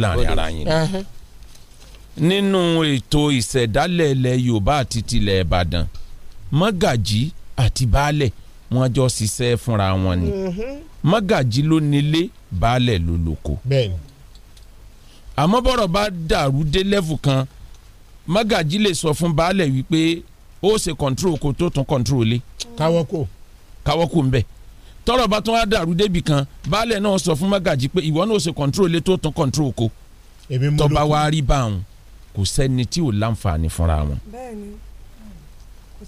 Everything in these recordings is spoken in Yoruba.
láàrin ara yín ni nínú ètò ìṣẹ̀dálẹ̀ ilẹ̀ Yorùbá àti tilẹ̀ Ìbàdàn mọ́gàjí àti baálẹ̀ wọ́n jọ ṣiṣẹ́ fúnra wọn ni mọ́gàjí ló nílé baálẹ̀ ló lóko àmọ́ bọ́rọ̀ bá dàrú dé lẹ́fù kan mọ́gàjí lè sọ fún baálẹ̀ wípé ó ṣe kọ̀ǹtúrò ko tó tún kọ̀ǹtúrò lé káwọ́ kò káwọ́ kò ń bẹ̀ tọ́rọ̀ bá tún wá dàrú débì kan baálẹ̀ náà sọ fún mágàjì pé ìwọ náà ṣe kọńtrol lé tó tún kọńtrol ko tọba wa rí bá wọn kò sẹ́ni tí ò láǹfààní fúnra wọn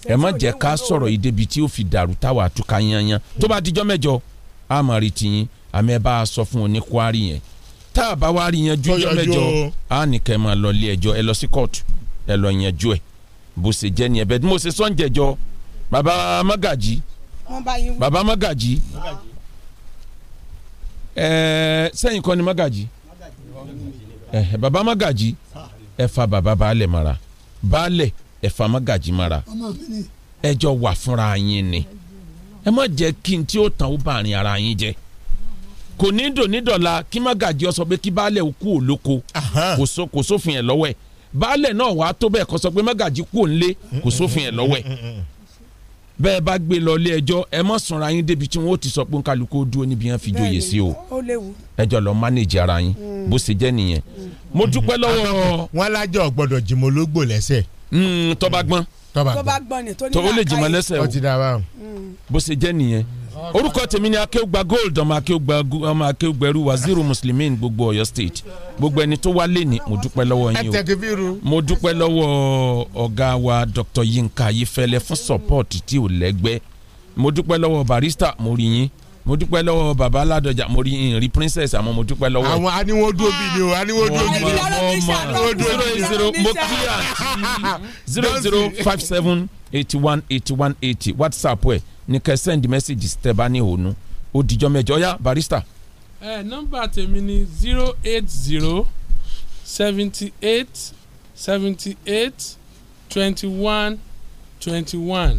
ẹ má jẹ́ ká sọ̀rọ̀ yìí débi tí ó fi dàrú táwa àtúkà yanyan tó bá dijọ́ mẹ́jọ àmọ́ rí tiyín àmì ẹ bá a sọ fún oní kwari yẹn tá a bá wá rí yẹn jújọ́ mẹ́jọ á nìkẹ́ máa lọ ilé ẹjọ́ ẹ lọ sí kóòtù ẹ lọ yanjú ẹ bó ṣe jẹ́ ni ẹ bẹ́ẹ̀ mo ṣe sọ́njẹ̀jọ bàbá magaji baba magaji ẹẹ sẹ́yìn kọ́ ni magaji ẹ̀hẹ̀ baba magaji ẹ fa baba baálẹ̀ mara baálẹ̀ ẹ fa magaji mara ẹ jọ wà fúnra yín ni ẹ má jẹ́ kí n tí ó tàn ó bá àárín ara yín jẹ́ kò ní dònídọ̀la kí magaji ó sọ pé kí baálẹ̀ ó kú òlóko kò sófin ẹ̀ lọ́wọ́ ẹ̀ baálẹ̀ náà wàá tó bẹ́ẹ̀ kó sọ pé magaji kú òǹlé kò sófin ẹ̀ lọ́wọ́ ẹ̀ bẹ́ẹ̀ bá gbé lọ ilé ẹjọ́ ẹ mọ̀ sùnra yín débi tí wọ́n ti sọ pé kálukú dúró níbi yẹn fi joyè sí o ẹjọ́ lọ manage ara yín mm. bó ṣe jẹ́ nìyẹn. mo dúpẹ́ lọ́wọ́. wọn lájọ gbọ́dọ̀ jìmọ̀ ológbò lẹ́sẹ̀. Mm, tọ́ba gbọ́n tó bá gbọ́n ni tó ní làákàyè. tó lè jìmọ̀ lẹ́sẹ̀ o mm. bó ṣe jẹ́ nìyẹn orúkọ tèmi ni akéwùgbà gold ọmọ akéwùgbà ọmọ akéwùgbẹrù waziru muslimin gbogbo Ọ̀yọ́ state gbogbo ẹni tó wá lẹ́ni mo dúpẹ́ lọ́wọ́ yín o mo dúpẹ́ lọ́wọ́ ọ̀gá wa dr yinka ayifẹlẹ fún support tí ò lẹ́gbẹ́ mo dúpẹ́ lọ́wọ́ barista mo rí yín mo dúpẹ́ lọ́wọ́ baba aládọjà mo rí ìrìn princess àmọ́ mo dúpẹ́ lọ́wọ́. àwọn aniwo dóbi ni o aniwo dóbi ni o mọ zero zero mo kí àti zero zero five seven eighty one eighty one eighty whatsapp ẹ ní kẹ́ send message tẹ́ bá ní òun ó dijọ́ mẹ́jọ ya barista. ẹ nọ́mbà tèmi ni zero eight zero seventy eight seventy eight twenty one twenty one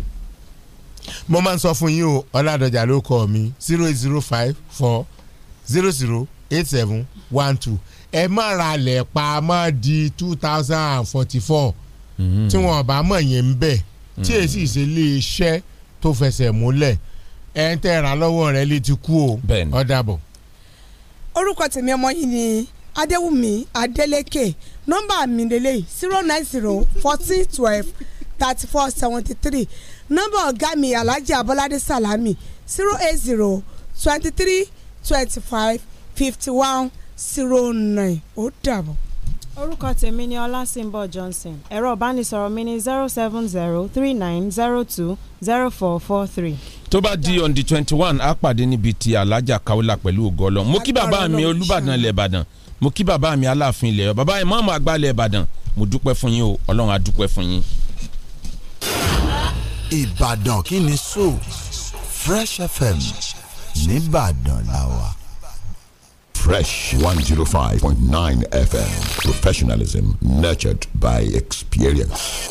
mo máa ń sọ fún yín o ọ̀làdọ̀jà ló kọ́ mi zero eight zero five four zero zero eight seven one two ẹ má ra lẹ̀ pa mọ́ di two thousand and forty four mm-hmm. tí wọn bá mọ̀ yẹn ń bẹ̀ tí mm-hmm. èsì ìṣẹ̀lẹ̀ iṣẹ́ tó fẹsẹ̀ múlẹ̀ ẹ̀ ń tẹ̀ ra lọ́wọ́ rẹ̀ létí kú o ó dàbọ̀. orúkọ tèmi ọmọ yìí ni adéwùmí adélékè nọ́mbà mi lélẹ̀ zero nine zero fourteen twelve thirty four seventy three nọ́mbà ọ̀gá mi alhaji abolade salami zero eight zero twenty three twenty five fifty one zero nine ó dàbọ̀ orúkọ tèmi ni ọlásìnbọ johnson ẹ̀rọ ìbánisọ̀rọ̀ mi ni zero seven zero three nine zero two zero four four three. tó bá di on the twenty one a pàdé níbi ti alájà kaula pẹ̀lú ògọ́lọ mo kí bàbá mi olúbàdàn ilẹ̀ ìbàdàn mo kí bàbá mi aláàfin ilẹ̀ bàbá ìmáàmù àgbà ilẹ̀ ìbàdàn mo dúpẹ́ fún yín o ọlọ́run á dúpẹ́ fún yín. Ìbàdàn kí ni so Fresh FM nìbàdàn la wà. Fresh 105.9 FM professionalism nurtured by experience.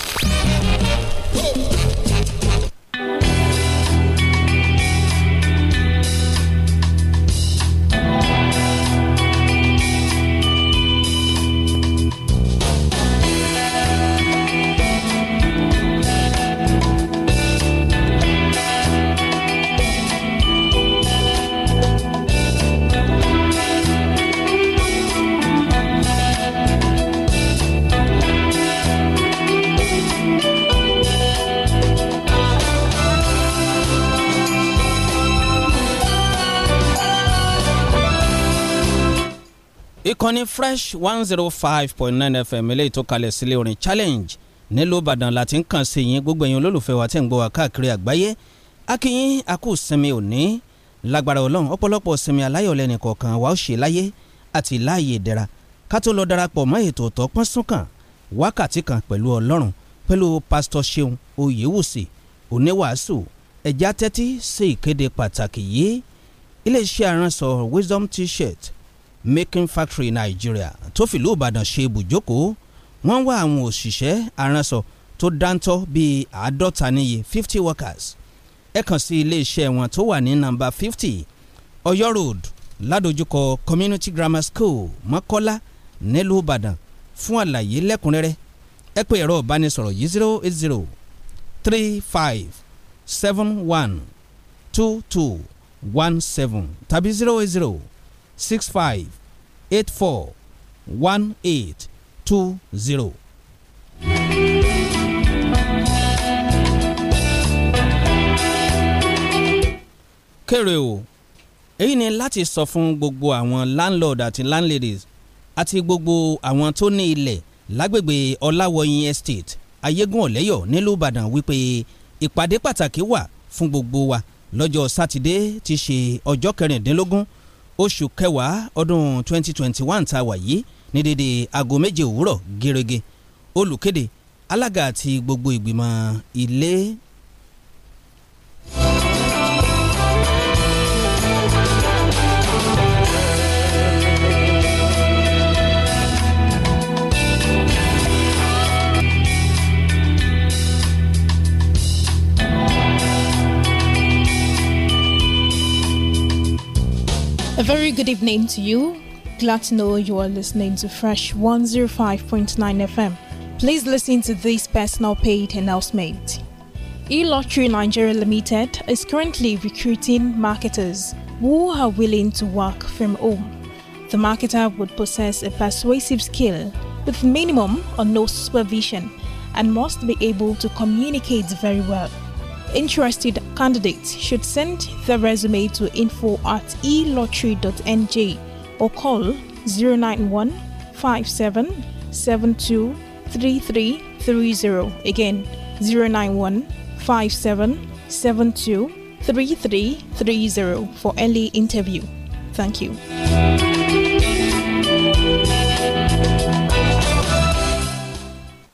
wọ́n ní fresh one zero oh five point nine fm eléyìí tó kalẹ̀ sílé orin challenge nílùú ìbàdàn láti ń kàn sí yín gbogbo ẹ̀yin olólùfẹ́ wa tẹ̀ ń gbọ́ wá káàkiri àgbáyé akínyín akú sinmi òní lágbára ọlọ́run ọ̀pọ̀lọpọ̀ sinmi aláyọ̀lẹ́ nìkọ̀ọ̀kan wa ó ṣe láyé àti láàyè ìdẹ̀ra ká tó lọ darapọ̀ mọ́ ètò ọ̀tọ̀ pọ́n súnkàn wákàtí kan pẹ̀lú ọlọ́run pẹ̀lú pásítọ̀ ṣeun oyèwùsì oníwàásù ẹ̀já tẹ́tí sí ìkéde pàtàkì yìí iléeṣẹ́ aránṣọ wisdom t-shirt making factory Nigeria tó fìlú Ìbàdàn ṣe ibùjókòó wọ́n wá àwọn òṣìṣẹ́ aránsọ tó dáńtọ́ bíi àádọ́ta níye fifty workers ẹ kàn sí iléeṣẹ́ wọn tó wà ní nàmbà fifty Ọ̀yọ́ road ládojúkọ community grammar school Mọ́kọ́lá nílùú Ìbàdàn fún àlàyé lẹ́kùnrẹ́rẹ́ ẹ pè ẹ̀rọ ìbánisọ̀rọ̀ yìí zero eight zero three five seven one two two one seven tàbí zero eight zero six five eight four one eight two zero. kéré o èyí ni láti sọ fún gbogbo àwọn landlord àti landladies àti gbogbo àwọn tó ní ilẹ̀ lágbègbè ọláwọyìn estate ayégún ọ̀lẹ́yọ̀ nílùú ìbàdàn wípé ìpàdé pàtàkì wà fún gbogbo wa lọ́jọ́ sátidé ti ṣe ọjọ́ kẹrìndínlógún oṣù kẹwàá ọdún 2021 tá a wà yìí ní dédé aago méje òwúrọ̀ gẹ́rẹ́gẹ́ olùkéde alága àti gbogbo ìgbìmọ̀ ilé A very good evening to you. Glad to know you are listening to Fresh 105.9 FM. Please listen to this personal paid announcement. E Lottery Nigeria Limited is currently recruiting marketers who are willing to work from home. The marketer would possess a persuasive skill with minimum or no supervision and must be able to communicate very well. Interested candidates should send their resume to info at elottery.nj or call 091 57 72 3330. Again, 091 57 72 for early interview. Thank you.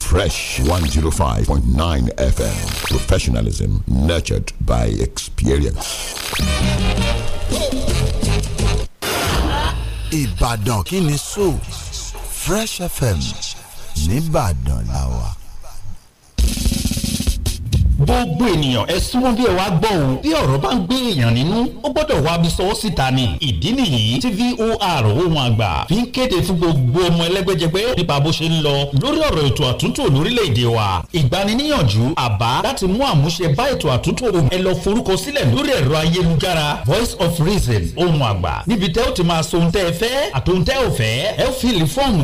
Fresh 105.9 FM. Professionalism nurtured by experience. Ìbàdàn kí Fresh FM nìbàdàn làwà. gbogbo ènìyàn ẹ súnmọ́ bí ẹ wá gbọ́ o bí ọ̀rọ̀ bá ń gbé èèyàn nínú ó gbọ́dọ̀ wá bí sọ́wọ́ síta ni ìdí nìyí tí VOR ohun àgbà fi ń kéde fún gbogbo ọmọ ẹlẹ́gbẹ́jẹgbẹ́ nípa bó ṣe ń lọ lórí ọ̀rọ̀ ètò àtúntò lórílẹ̀‐èdè wa ìgbaniníyànjú àbá láti mú àmúṣe bá ètò àtúntò ẹ lọ forúkọ sílẹ̀ lórí ẹ̀rọ ayélujára Voice of Reason ohun àgbà níbi tẹ́ ó ti máa so ohun tẹ́ ẹ fẹ́ àtohun tẹ́ ò fẹ́ ẹ ó fìlì fọ́ọ̀mù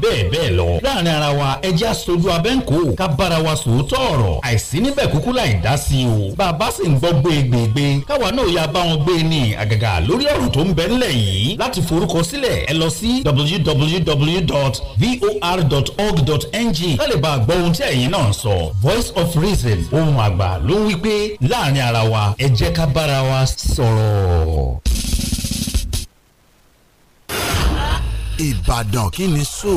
tí bẹ́ẹ̀ bẹ́ẹ̀ lọ láàrin ara wa ẹjẹ́ aṣojú abẹ́ǹkó ká bára wa sòótọ́ ọ̀rọ̀ àìsí níbẹ̀ kúkú láì dá sí o bàbá sì ń gbọ́ gbégbégbé káwa náà yà bá wọn gbé ní àgàgà lórí ọ̀rọ̀ tó ń bẹ ńlẹ̀ yìí láti forúkọ sílẹ̀ ẹ lọ sí www.vor.org.ng ká bá a gbọ́ ohun tí ẹ̀yin náà sọ voice of reason ohun àgbà ló ń wí pé láàrin ara wa ẹ ká bára wa sọ̀rọ̀. Ìbàdàn kí ni sóò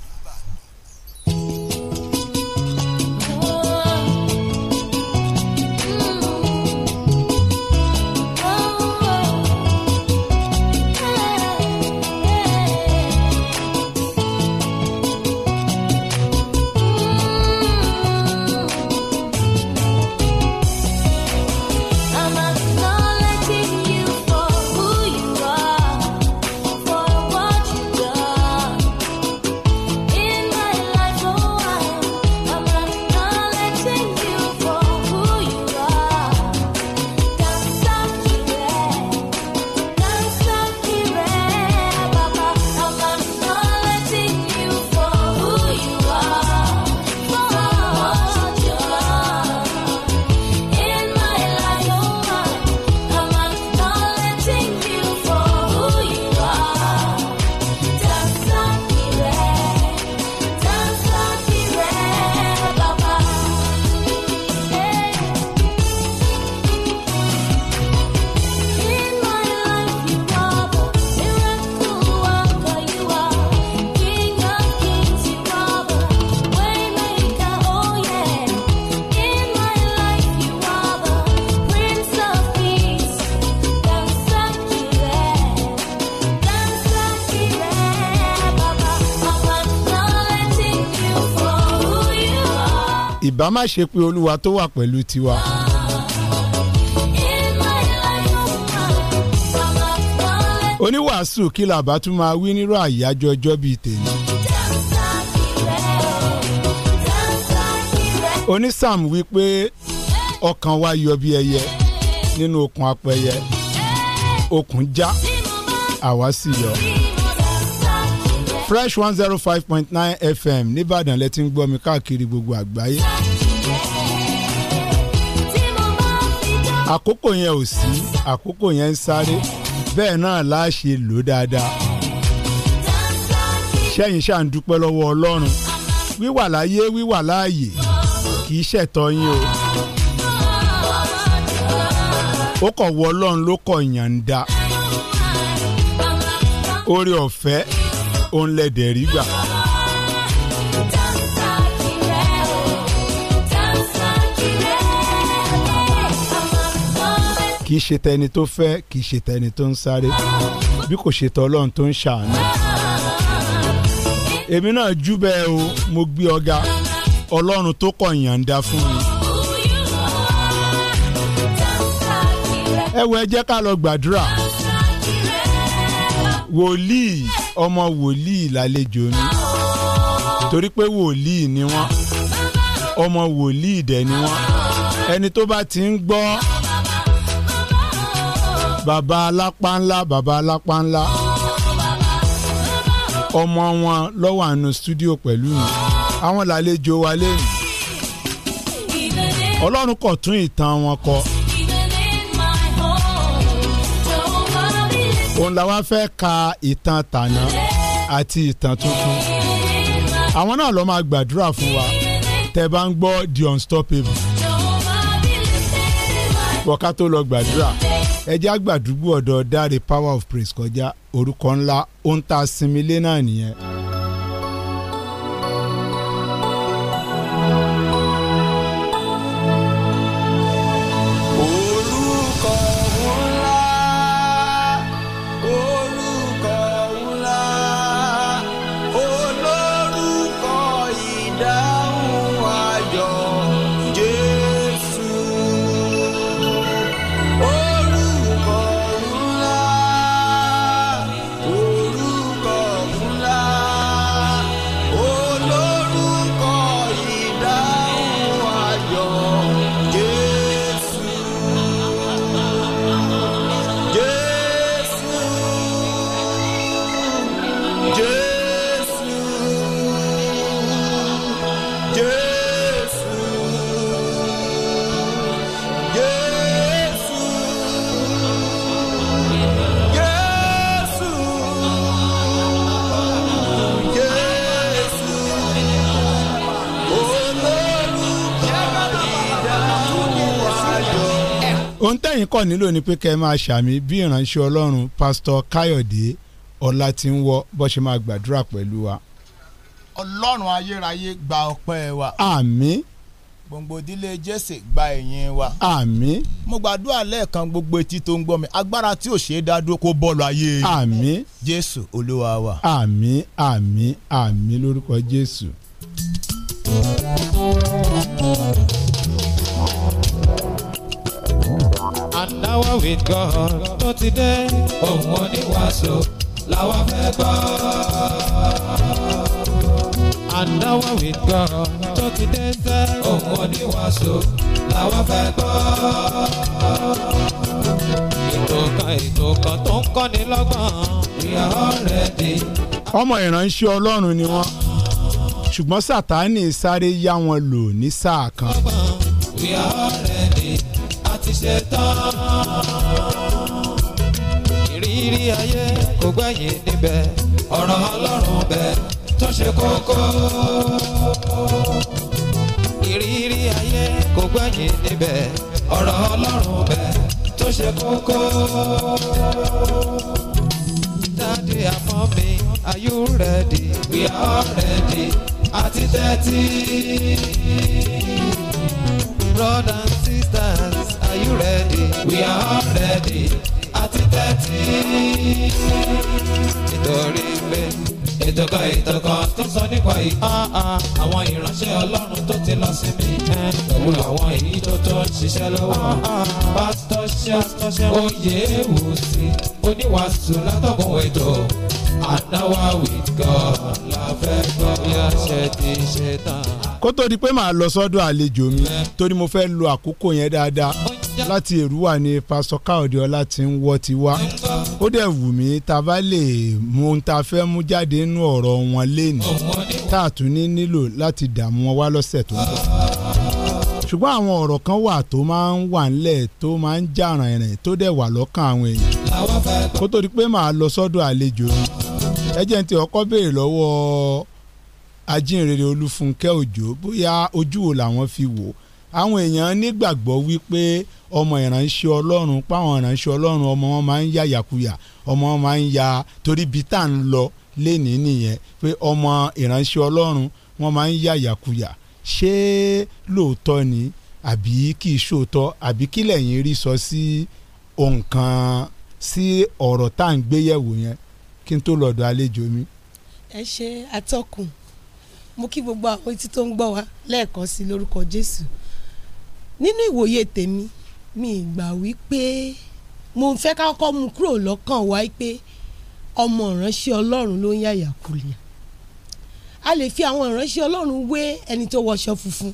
ìbá má ṣe pé olúwa tó wà pẹ̀lú tiwa. oníwàásù kí làbá tún máa wí nírú àyájọ́ ọjọ́ bíi tèmi. onísàm wí pé ọkàn wa yọ bí ẹyẹ nínú okùn apẹyẹ okùn já àwa sì yọ. fresh one zero five point nine fm nìbàdàn lẹ ti ń gbọ́ mi káàkiri gbogbo àgbáyé. àkókò yẹn ò sí àkókò yẹn ń sáré bẹ́ẹ̀ náà la ṣe lò dáadáa ṣẹ́yìn ṣáà ń dúpẹ́ lọ́wọ́ Ọlọ́run wíwà láyé wíwà láàyè kì í ṣẹ̀tọ́ yín o ó kọ̀ wọ Ọlọ́run ló kọ̀ yàǹda oore ọ̀fẹ́ òun lẹ̀dẹ̀ rí gbà. kì í ṣe tẹni tó fẹ́ kì í ṣe tẹni tó ń sáré bí kò ṣe tọ́ ọlọ́run tó ń ṣàánú. èmi náà jú bẹ́ẹ̀ o mo gbé ọ̀gá ọlọ́run tó kọ̀ yàǹda fún mi. ẹ wo ẹ jẹ́ ká lọ gbàdúrà wòlíì ọmọ wòlíì lálejò mi torí pé wòlíì ni wọ́n ọmọ wòlíì dẹ̀ ni wọ́n ẹni tó bá ti ń gbọ́ bàbá alápá ńlá bàbá alápá ńlá ọmọ wọn lọ́wọ́ àánú stúdíò pẹ̀lú mi àwọn làlejò wa lẹ́yìn ọlọ́run kò tún ìtàn wọn kọ. òun làwa fẹ́ ka ìtàn tàná àti ìtàn tuntun àwọn náà ló máa gbàdúrà fún wa tẹ́ bá ń gbọ́ the unstoppable bọ̀ká tó lọ gbàdúrà ẹjẹ́ àgbàdúgbò ọ̀dọ̀ dáre power of praise kọjá orúkọ ńlá ó ń ta sinmi lé náà nìyẹn. ohun tẹ́yìn kọ́ nílò ni pé kẹ́ ẹ máa ṣàmì bí ìránṣẹ́ ọlọ́run pásítọ̀ káyọ̀dé ọlá tí ń wọ bó ṣe máa gbàdúrà pẹ̀lú wa. ọlọ́run ayérayé gba ọpẹ́ wa. àmín gbòǹgbò ìdílé jésè gba ẹ̀yìn wa. àmín. mo gbàdúrà lẹ́ẹ̀kan gbogbo etí tó ń gbọ́ mi agbára tí ò ṣe é dádúró kó bọ́ọ̀lù ayé. àmín. jésù olúwa wa. àmín àmín àmín lórúkọ jésù. an hour with God tó ti dé òun oníwàásù làwọn fẹ́ gbọ́ and now tó ti dé sẹ́. ohun oníwàásù làwọn fẹ́ gbọ́. ètò kan ètò kan tó ń kọ́ni lọ́gbọ̀n. we are already. ọmọ ìránṣẹ́ ọlọ́run ni wọ́n ṣùgbọ́n sátánì sáré yá wọn lò ní sáà kan. we are already a ti ṣe tán kiri ayé kò gbẹ̀yìn níbẹ̀ ọ̀rọ̀ ọlọ́run bẹ̀ tó ṣe kókó. ìrírí ayé kò gbẹ̀yìn níbẹ̀ ọ̀rọ̀ ọlọ́run bẹ̀ tó ṣe kókó. dáàdi àmọ́ mi are you ready? we are ready àti tẹ́tí. brothers and sisters are you ready? we are ready àti tẹ́tí. nítorí pé ìtọ́kọ ìtọ́kọ tó sọ nípa ìhà àwọn ìránṣẹ́ ọlọ́run tó ti lọ sí mi. pẹ̀lú àwọn èyí tó tó ń ṣiṣẹ́ lọ́wọ́. pásítọ̀ oyè ewu sí oníwàásù látọ̀kùn ètò àdáwà with la fẹ́ gbọ́ bí a ṣe ti ṣe tán. kó tó di pé màá lọ sọ́dọ̀ àlejò mi torí mo fẹ́ lo àkókò yẹn dáadáa láti èrúwà ni pásítọ̀ káòdé ọlá ti ń wọ́ ti wá ó dẹ̀ wù mí tá a bá lè mú un tá a fẹ́ mú jáde nínú ọ̀rọ̀ wọn léèní tá a tún ní nílò láti dààmú wọn wá lọ́sẹ̀ tó ń bọ̀ ṣùgbọ́n àwọn ọ̀rọ̀ kan wà tó máa ń wà ńlẹ̀ tó máa ń jàràn ẹ̀rìn tó dẹ̀ wà lọ́kàn àwọn èèyàn kó tó di pé màá lọ sọ́dọ̀ àlejò mi ẹ ti ọkọ́ béèrè lọ́wọ́ ajínrere olúfúnkẹ́ òjò bóyá ojú wo làwọn fi wò ó àwọn èèyàn nígbàgbọ́ wípé ọmọ ìránṣẹ́ ọlọ́run páwọn ìránṣẹ́ ọlọ́run ọmọ wọn máa ń ya yàkuyà ọmọ wọn máa ń ya torí bíi tá à ń lọ lénìí nìyẹn pé ọmọ ìránṣẹ́ ọlọ́run wọn máa ń ya yàkuyà ṣé lóòótọ́ ni àbí kì í ṣòótọ́ àbí kí lẹ̀yin rí sọ sí nǹkan sí ọ̀rọ̀ tá à ń gbéyẹ̀wò yẹn kí n tó lọ́dọ̀ àlejò mi. ẹ ṣe atọ́kùn mo kí gbogbo àwọn etí tó ń gbọ́ wa lẹ́ẹ̀kan sí lórúkọ jésù nínú ìwòye tèmi mi gbà wípé mo fẹ́ ká kọ́ mu kúrò lọ́kàn wa pé ọmọ ìránṣẹ́ ọlọ́run ló ń yàyà kùlìyà a lè fi àwọn ìránṣẹ́ ọlọ́run wé ẹni tó wọṣọ funfun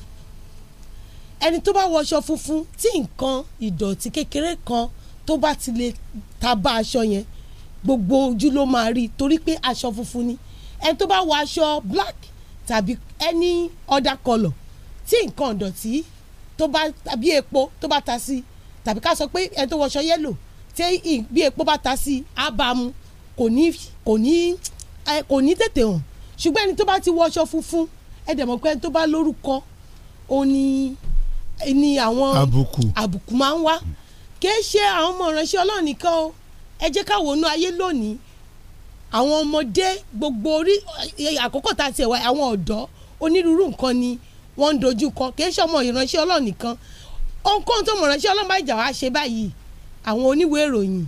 ẹni tó bá wọṣọ funfun tí nǹkan ìdọ̀tí kékeré kan tó bá ti lè ta bá aṣọ yẹn gbogbo ojú ló máa rí torí pé aṣọ funfun ni ẹni tó bá wọ aṣọ black tàbí any other colour tí nǹkan ìdọ̀tí tó bá tàbí epo tó bá ta sí tàbí ká sọ pé ẹni tó wọṣọ yẹ́lò tí bí epo bá ta sí á bá mu kò ní kò ní kò ní tètè hàn ṣùgbọ́n ẹni tó bá ti wọṣọ funfun ẹ mọ̀ pé ẹni tó bá lórúkọ ó ní ní àwọn àbùkù àbùkù máa ń wá kì ṣe àwọn ọmọ ìránṣẹ́ Ọlọ́run nìkan o ẹ jẹ́ ká wọnú ayé lónìí àwọn ọmọdé gbogbo orí àkókò tá a ti ẹ̀wà àwọn ọ̀dọ́ onírúurú nǹkan ni wọ́n ń dojú kọ kì í ṣe ọmọ ìránṣẹ́ ọlọ́run nìkan ohunkóhun tó mọ̀ ìránṣẹ́ ọlọ́run bá ìjà wá ṣe báyìí àwọn oníwèé ìròyìn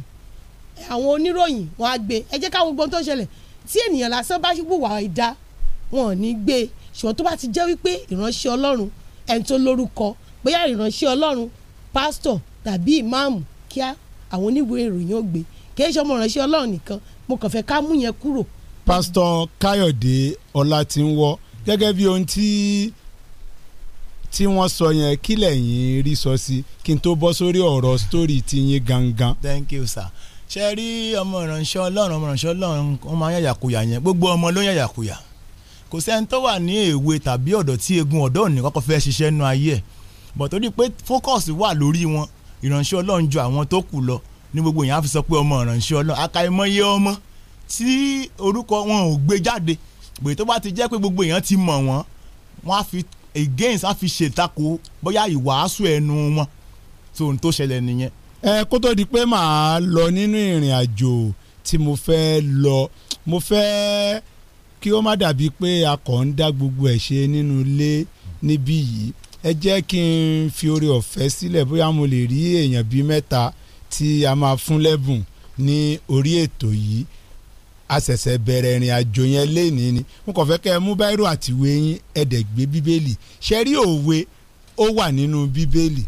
àwọn oníròyìn wọn á gbé ẹ jẹ́ káwọn gbọ́n tó ṣẹlẹ̀ tí ènìyàn lásán bá wùwà ìdá wọn ò ní gbé ṣùgbọ́n tó bá ti jẹ́ wípé ìránṣẹ́ ọlọ́run ẹni tó lórúkọ bóyá ìránṣẹ́ ọlọ́run pásítọ̀ tàbí ìmáàmù kíá àwọn oníwèé ìròyìn ó gbé kì ṣe ọmọ ìránṣẹ́ ọlọ́run nìkan mo kàn fẹ́ ká mú yẹn kúrò. pásítọ̀ káyọ̀dé ọlátìnwó gẹ́gẹ́ bí ohun tí tí wọ́n sọ yẹn kí lẹ́yìn rí sọ sí kí n tó bọ́ sórí ọ̀rọ̀ sítórì ti yín gangan. thank you sir ṣe rí ọmọ ìrànṣẹ́ ọlọ́run ọmọ ìrànṣẹ́ ọlọ́run wọ́n máa ń yàyàkuyà yẹn gbogbo ọmọ ló ń yàyàkuyà kò sẹ́ni tó wà ní èwe tàbí ọ̀dọ̀ tí egun ọ̀dọ́ òní kọ́kọ́ fẹ́ ṣiṣẹ́ nu ayé ẹ̀ bọ̀ torí pé fókọ̀s wà lórí wọn ìrànṣẹ́ ọlọ́run ju àwọn tó kù lọ ní gbogbo yẹn á fi sọ pé ọmọ ìrànṣẹ́ ọlọ́run àkàìmọye ọmọ tí orúkọ wọn ò gbé jáde gbè tó bá ti jẹ́ pé gbogbo èèyàn ti mọ̀ wọ́n wọ́n á fi against á fi ṣètako bóyá ìwàásù ẹnu wọn tó ń tó ṣẹlẹ̀ nìyẹn. ẹ kó tó di pé màá lọ nínú ìrìn àjò tí mo fẹ́ lọ mo fẹ́ kí ó má dàbí pé a kàn ń dá gbogbo ẹ̀ ṣe nínú ilé níbí yìí ẹ jẹ́ kí n fi oore ọ̀fẹ́ sílẹ̀ bóyá mo lè rí èèyàn bíi mẹ́ta tí a máa fún lẹ́bùn ní orí ètò yìí àṣẹ̀ṣẹ̀ bẹ̀rẹ̀ ìrìn àjò yẹn léèní ni mo kàn fẹ́ kẹ́ ẹ mú báírò àtiwé yín ẹ̀dẹ̀gbé bíbélì ṣe rí òwe ó wà nínú bíbélì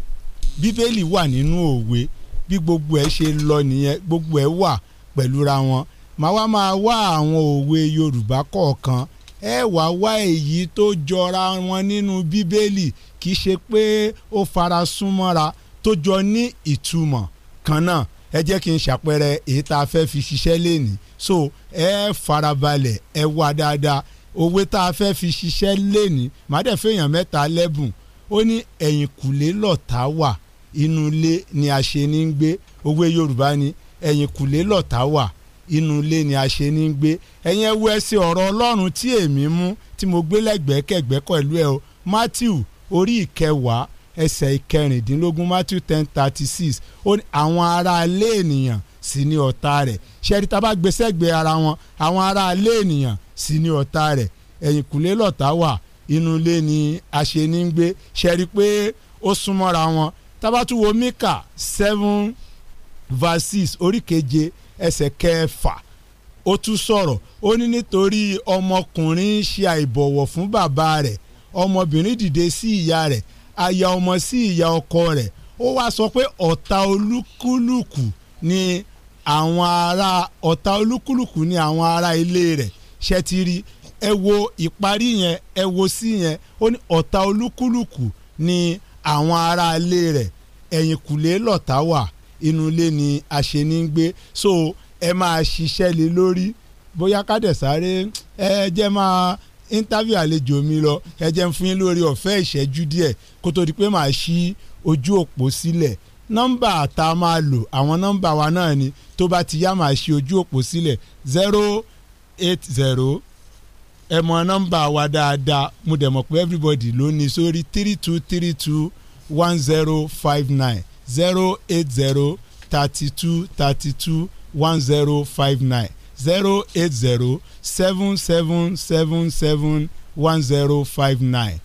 bíbélì wà nínú òwe bí gbogbo ẹ ṣe lọ nìyẹn gbogbo ẹ wà pẹ̀lúra wọn màá wá máa wá àwọn òwe yorùbá kọ̀ọ̀kan ẹ wàá wá èyí tó jọra wọn nínú bíbélì kì í ṣe pé ó fara súnmọ́ra tó jọ ní ìtumọ̀ kan náà ẹ jẹ́ kí n ṣàpẹẹrẹ èyí tá a fẹ́ fi ṣiṣẹ́ lénìí so ẹ eh, farabalẹ̀ ẹ eh, wá dáadáa owó tá a fẹ́ fi ṣiṣẹ́ lẹ́ni màá dẹ̀ fẹ́yàn mẹ́ta lẹ́bùn ó ní ẹ̀yìn kùlé lọ̀tá wà inú ilé ni a ṣe ní gbé òwe Yorùbá ni ẹ̀yìn kùlé lọ̀tá wà inú ilé ni a ṣe ní gbé ẹ̀yin ẹwu ẹsẹ̀ ọ̀rọ̀ Ọlọ́run tí èmi mú tí mo gbé lẹ́gbẹ̀ẹ́kẹ̀gbẹ́ pẹ̀lú ẹ o Matthew orí ìkẹwàá ẹsẹ̀ ìkẹrìndínlógún Matthew ten thirty six ó ní àwọn ará ilé ènìyàn sì ni ọ̀tá rẹ̀ ṣẹ́rí tá a bá gbé sẹ́gbẹ̀ẹ́ ara wọn àwọn ará ilé ènìyàn sì ni ọ̀tá rẹ̀ ẹ̀yìnkùlé lọ̀tá wà inú ilé ni aṣeni ń gbé ṣẹ́rí pé ó súnmọ́ra wọn tá a bá tún wo Míkà seven verses six orí keje ẹsẹ̀ kẹfà ó tún sọ̀rọ̀ ó ní nítorí ọmọkùnrin ṣe àìbọ̀wọ̀ fún bàbá rẹ̀ ọmọbìnrin dìde sí ìyá rẹ̀ aya ọmọ sí ìyá ọkọ rẹ̀ ó wá sọ pé ọ̀tá olúkúlùkù ni àwọn ará ọ̀tá olúkúlùkù ní àwọn ará ilé rẹ̀ ṣe ti rí ẹ wo ìparí yẹn ẹ wo sí yẹn ó ní ọ̀tá olúkúlùkù ní àwọn ará ilé rẹ̀ ẹ̀yìn kùlé lọ̀tá wà inú ilé ni a ṣe ní gbé so ẹ máa ṣiṣẹ́ lé lórí bóyá kádẹ̀ sáré ẹ jẹ́ máa interview àlejò mi lọ ẹ jẹ́ ń fún yín lórí ọ̀fẹ́ ìṣẹ́jú díẹ̀ kó tó di pé màá ṣí ojú òpó sílẹ̀ nọ́mbà tá a máa lò àwọn nọ́mbà wa náà ni tó bá ti yá máa ṣe ojú òpó sílẹ̀ zero eight zero ẹ mọ nọ́mbà wa dáadáa mo dẹ̀ mọ̀ pé everybody ló ní sórí three two three two one zero five nine zero eight zero thirty two thirty two one zero five nine zero eight zero seven seven seven seven one zero five nine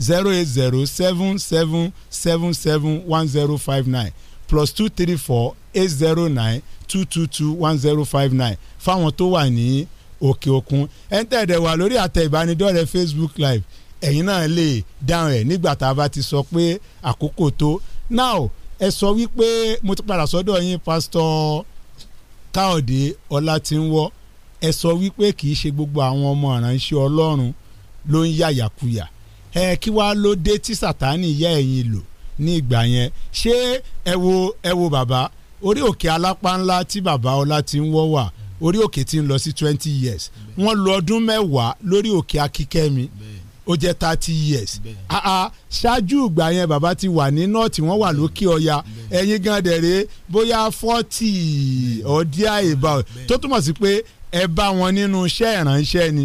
zero eight zero seven seven seven seven one zero five nine plus two three four eight zero nine two two two one zero five nine fáwọn tó wà ní òkè òkun ẹ̀ńtẹ̀dẹ̀ wà lórí àtẹ ìbánidọ́rẹ̀ẹ́ Facebook live ẹ̀yin náà lè dáhùn ẹ̀ nígbà tá a bá ti sọ pé àkókò tó now ẹ sọ wípé mo ti padà sọ́dọ̀ yín pásítọ̀ Káyọ̀dé Ọlátínwọ́ ẹ sọ wípé kì í ṣe gbogbo àwọn ọmọ ìránṣẹ́ Ọlọ́run ló ń yàyàkuyà ẹ kí wàá ló dé tí sátani yẹ ẹ̀yin lò ní ìgbà yẹn ṣé ẹ wo ẹ wo bàbá orí òkè alápá ńlá tí bàbá ọlá ti ń wọ́ wà orí òkè ti ń lọ sí twenty years wọ́n lo ọdún mẹ́wàá lórí òkè akíkẹ́mi ó jẹ́ thirty years àà ṣáájú ìgbà yẹn bàbá ti wà ní nọ́ọ̀tì wọ́n wà lókè ọya ẹ̀yin gan dẹ̀rẹ́ bóyá forty ọ̀díà ìbá tó túmọ̀ sí pé ẹ bá wọn nínú iṣẹ́ ìránṣẹ́ ni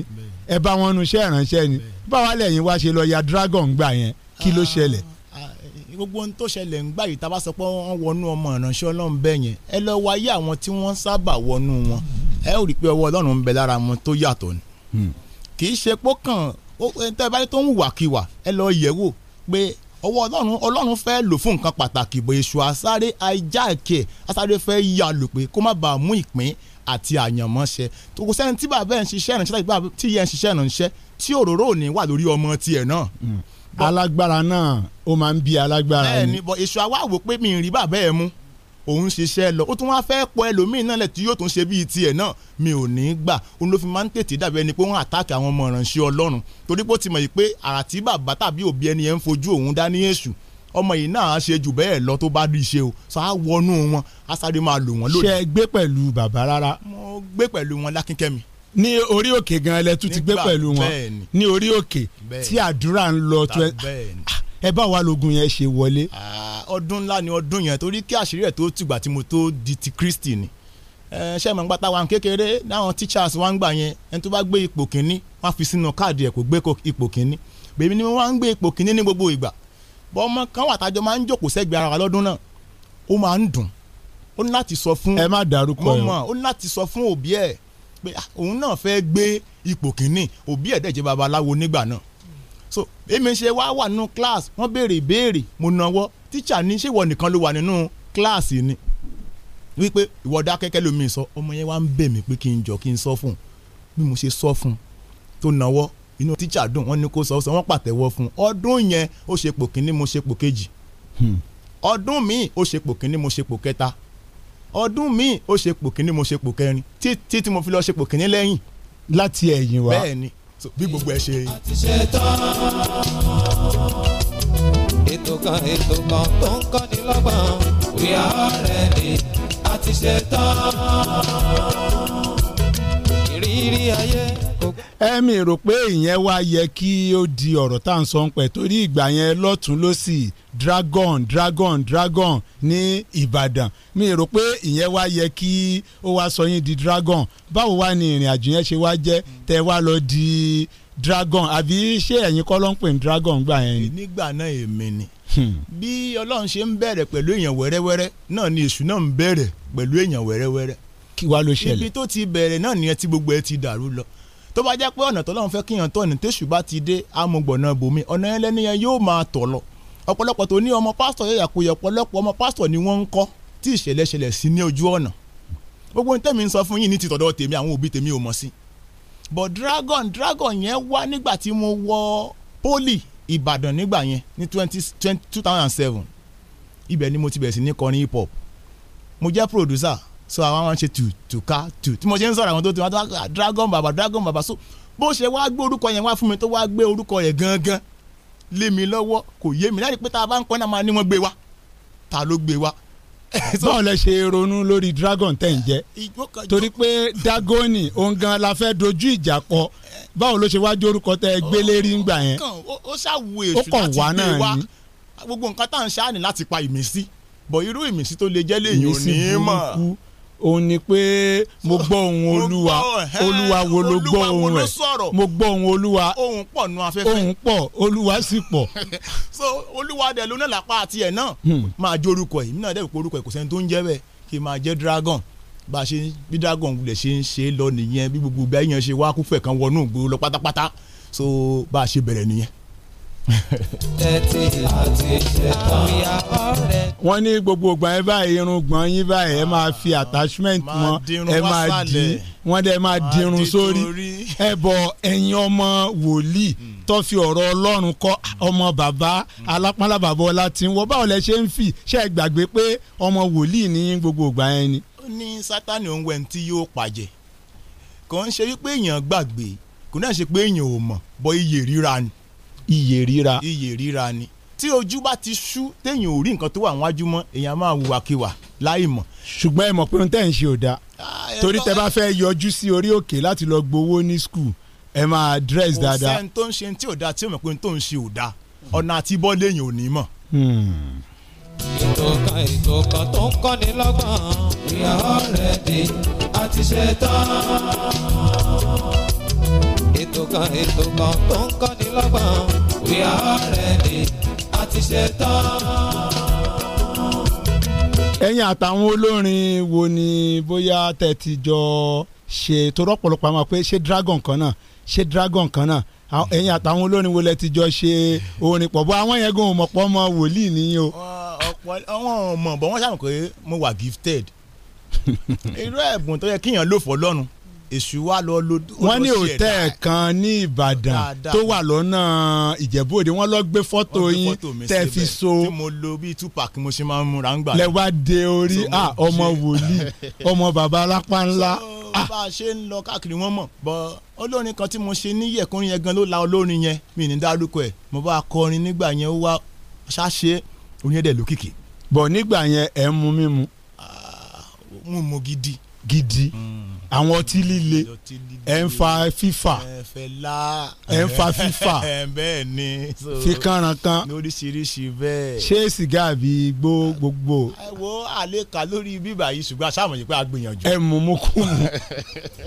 ẹ bá wọn nínú iṣẹ́ ìránṣẹ́ ni. Bẹ́ẹ̀ báwa lẹ́yìn wá ṣe lọ dragon gbà yẹn kí ló ah, ṣẹlẹ̀. Ah, eh, gbogbo ohun tó ṣẹlẹ̀ ń gbà yìí tá a bá sọ pé wọ́n wọnú ọmọ ìránṣẹ́ ọlọ́run bẹ́ẹ̀ yẹn ẹ lọ wá yé àwọn tí wọ́n sábà wọnú wọn ẹ ò rí i pé ọwọ́ ọlọ́run ń bẹ lára wọn tó yàtọ̀ ni. Hmm. kì í ṣe pó kàn tẹ́ ẹ bá ní tó ń wàkiwà ẹ lọ yẹ̀ wò pé ọwọ́ ọlọ́run ọlọ́run fẹ́ lò fún nǹkan pàtàkì àti àyànmọ́ṣe tó kò sẹ́ni tí bàbá ẹ̀ ń ṣiṣẹ́ ìrànṣẹ́ tàbí bàbá tí ìyá ẹ̀ ń ṣiṣẹ́ ìrànṣẹ́ tí òróró ò ní wà lórí ọmọ tiẹ̀ náà. Mm. alágbára náà ó máa ń bí alágbára yìí. bẹ́ẹ̀ni bọ èso àwa wò pé mi ì rí bàbá ẹ̀ mú òun ṣiṣẹ́ lọ ó tún wá fẹ́ pọ ẹlòmíín náà lẹ̀ tí yóò tún ṣe bíi tiẹ̀ náà mi ò ní í gbà òun ló fi máa ń tètè dàbí ẹni pé wọ́n àtàkì àwọn ọmọ ìrànṣẹ́ ọlọ́run torí pé ó ti mọ̀ yìí pé àràtí bàbá tàbí òbí ẹni ẹ̀ ń fojú òun dání èṣù ọmọ yìí náà ṣe jù bẹ́ẹ̀ lọ tó bá rí ṣe o sọ á wọnú wọn á sáré máa lò wọn lónìí. ṣe é gbé pẹ̀lú bàbá rárá. mo gbé pẹ̀lú wọn lákínkẹ́mi ní orí òkè gan ẹlẹ́tù ti gbé pẹ̀lú wọn ní orí òkè tí àdúrà ń lọ tó ah, ẹ bá wa lógun yẹn ṣe wọlé. ọdún ńlá ni ọdún yẹn torí kí àṣírí ẹ̀ tó tùgbà tí mo tó di ti Kristi ni ṣé mọ̀ ń gbàtà wa kékeré láwọn teachers wa ń gbà yẹn ẹni tó bá gbé ipò kínní wọ́n fi sínú káàdì ẹ̀ kó gbé ipò kínní bèbí ni wọ́n á ń gbé ipò kínní ní gbogbo ìgbà bọ́ ọmọ kan wà tájọ máa ń jòkó sẹ́gbẹ̀ẹ́ ara wa lọ́dún náà ó máa ń dùn ó ní láti sọ fún ẹ má dárúkọ ẹ mọ ó ní láti sọ fún òbí ẹ pé ah, òun náà fẹ́ gbé ipò kínní òbí ẹ̀ dẹ̀jẹ̀ babaláwo nígbà náà so èmi ṣe wá wà nínú class wọ́n béèrè ìbéèrè mo nawọ́ tíṣà ní ṣé ìwọ nìkan ló wà nínú class ni wípé ìwọ dákẹ́kẹ́ lómi sọ ọmọ yẹn wá ń bẹ̀ mí pé kí n jọ kí n sọ fún un bí mo ṣe sọ fún un tó nawọ́ inú tíṣà dùn wọ́n ní kó sọ sọ wọ́n pàtẹ́wọ́ fún ọdún yẹn ó ṣe pò kínní mo ṣe pò kejì hmm. ọdún míì ó ṣe pò kínní mo ṣe pò kẹta ọdún míì ó ṣe pò kínní mo ṣe pò kẹrin títí tí mo fi lọ ṣe pò kínní lẹ́yìn. láti ẹ̀yìn wá bẹ́ẹ̀ ni bí gbogbo ẹ ṣe. ètò kan ètò kan tó ń kọ́ni lọ́gbọ̀n we are ready a ti ṣe tán ìrírí ayé ẹ mi rò pé ìyẹn wá yẹ kí ó di ọ̀rọ̀ tá à ń sọ ń pẹ̀ torí ìgbà yẹn lọ́tún lọ́sì dragon dragon dragon ní Ìbàdàn mi rò pé ìyẹn wá yẹ kí ó wá sọ yín di dragon báwo wá ni ìrìn àjò yẹn ṣe wá jẹ́ tẹ́ wá lọ di dragon àbí ṣé ẹ̀yin kọ́ ló ń pè ní dragon gbà yẹn ni. nígbà náà èmi ni hmm. bí Ọlọ́run ṣe ń bẹ̀rẹ̀ pẹ̀lú èèyàn wẹ́rẹ́wẹ́rẹ́ náà ni èṣù náà ń bẹ̀rẹ̀ pẹ̀lú èèyàn wẹ́rẹ́wẹ́rẹ́ kí wàá ló ṣẹlẹ̀. ibi tó ti bẹ̀rẹ̀ náà nìyẹn tí gbogbo ẹ ti dàrú lọ tó bá jẹ́ pé ọ̀nà tó lọ́n fẹ́ kíyàn tọ́ ni téṣù bá ti dé amọ̀gbọ̀nà bòmí ọ̀nà yẹn lẹ́ni yẹn yóò máa tọ̀ lọ ọ̀pọ̀lọpọ̀ tó ní ọmọ pásítọ̀ yẹ yàkuyọ̀ ọ̀pọ̀lọpọ̀ ọmọ pásítọ̀ ni wọ́n ń kọ́ tí ìṣẹ̀lẹ̀ ṣẹlẹ̀ sí ní ojú ọ̀nà gbogbo ní tẹ́mi ń sọ fún yín ní ti tọ̀dọ̀ tèmi àwọn òbí tèmi ò mọ̀ sí but dragon dragon yẹn wá nígbà tí mo wọ poli Ìbàdàn nígbà yẹn ní twenty two thousand seven ibẹ̀ ni mo ti bẹ̀rẹ̀ sí ní kọrin hip hop mo jẹ́ producer so àwọn máa ń ṣe tùtùká tù tí mo ṣe ń sọ̀rọ̀ àwọn tó ti wá dragon baba dragon baba so bó ṣe wá gbé orúkọ yẹn wá fún mi tó wá gbé orúkọ yẹn gangan lé mi lọ́wọ́ kò yé mi láti pé tá a bá ń kọ́ náà máa wọ́n gbé wa ta ló gbé wa. báwo lẹ ṣe ronú lórí dragon tẹ̀ ń jẹ́ torí pé dagoni òun gan la fẹ́ dojú ìjà kọ báwo ló ṣe wá jẹ́ orúkọ tẹ ẹ gbélé rí ńgbà yẹn ó ṣàwò èṣù láti gbé wa gbogbo nǹkan tá à ń ṣáà òun ni pé mo gbọ́ ohùn olúwa olúwa wo ló gbọ́ ohùn rẹ̀ mo gbọ́ ohùn olúwa ohùn pọ̀ nu afẹ́fẹ́ ohùn pọ̀ olúwa sì pọ̀. so olúwa dẹ̀ ló náà lápá àti ẹ̀ náà hmm. máa jẹ́ orúkọ yìí náà dẹ́bi orúkọ yìí kò sẹ́ni tó ń jẹ́ bẹ́ẹ̀ kí n máa jẹ́ dragon bá a ṣe bí dragon gbọ́dọ̀ ṣe ń ṣe lọ nìyẹn bí gbogbo ìgbà ṣe wá kúfẹ̀ kan wọnú ìgboro lọ pátápátá so bá a ṣe bẹ̀rẹ̀ nìyẹn wọ́n ní gbogbo ìgbà yẹn báyìí irun gbọ̀n yín báyìí ẹ máa fi attachment mọ́ ẹ máa di wọ́n dẹ̀ máa dirun sórí ẹ bọ̀ ẹ̀yin ọmọ wòlíì hmm. tó ọ̀rọ̀ Ọlọ́run kọ́ ọmọ bàbá hmm. alápálá bàbá ọlá tí ń wọ báwo lẹ ṣe ń fì ṣe é gbàgbé pé ọmọ wòlíì ní gbogbo ìgbà yẹn ni. ó ní Sátánì òun wẹ̀ ní tí yóò pàjẹ́ kò ń ṣe wípé èèyàn gbàgbé kò náà ṣe pé èèyàn ò mọ̀ bọ́ iye ríra ni iyè ríra. iyè ríra ni tí ojú bá ti ṣú téèyàn ò rí nǹkan tó wà níwájú mọ́ èèyàn máa hùwàkiwà láì mọ̀. ṣùgbọ́n ẹ mọ̀ pé ohun tẹ́ ń ṣe ò dáa ah, torí tẹ bá fẹ́ yọjú sí orí òkè láti lọ gbowó ní skul ẹ máa dress dáadáa. kò sẹ́ni tó ń ṣe tí ò dáa tí ó mọ̀ pé ohun tó ń ṣe ò dáa ọ̀nà àti bọ́ léèyàn ò ní mọ̀. ìtòkà hmm. ìtòkà tó ń kọ́ni lọ́gbọ̀n ìyàwó rẹ̀ ètò kan ètò kan tó ń kọ́ni lọ́gbọ̀n. we are ready a ti ṣe tán. ẹ̀yin àtàwọn olórin wo ni bóyá tẹ̀ ti jọ ṣe tó rọ́pọ̀lọpọ̀ àwọn pé ṣé dragon kan náà ṣé dragon kan náà ẹ̀yin àtàwọn olórin wo lẹ ti jọ ṣe orin pọ̀ bó àwọn yẹn gan mọ̀ pọ̀ ọmọ wòlíì nìyí o. ọ̀pọ̀ àwọn ọmọ bọ̀ wọ́n ṣàmùkọ́ mo wà gifted irú ẹ̀bùn tó yẹ kíyàn lò fọ́ lọ́run èṣù wa lọ lo. wọ́n ní hòtẹ́ẹ̀ kan ní ìbàdàn tó wà lọ́nà ìjẹ̀bú òde wọ́n lọ gbé fọ́tò yín tẹ́ fi so. tí mo lo bíi two mo ṣe máa ń múra ń gbà. lẹ́wà dé orí ah, ọmọ wòlíì ọmọ bàbá alápá ńlá. Ah. bá a ṣe ń lọ káàkiri wọn mọ̀ bọ́ olórin kan tí mo ṣe níyẹ̀kùnrin yẹn gan ló la olórin yẹn mi ní dárúkọ ẹ̀ mo bá a kọrin nígbà yẹn ó wá ṣáṣe orin ẹ̀dẹ̀ lókìkì. bọ̀ nígbà yẹn ẹ̀ ń mu mímu. Ah, mo gidi. gidi. Mm àwọn ọtí líle ẹ̀ ń fa fífà ẹ̀ ń fa fífà fíkànrankan ṣé sìgá àbí igbó gbogbo. ẹ wo àlékà lórí bíbà yìí ṣùgbọ́n a ṣàmọ̀yé pé a gbìyànjú. ẹ mú mú kú mu.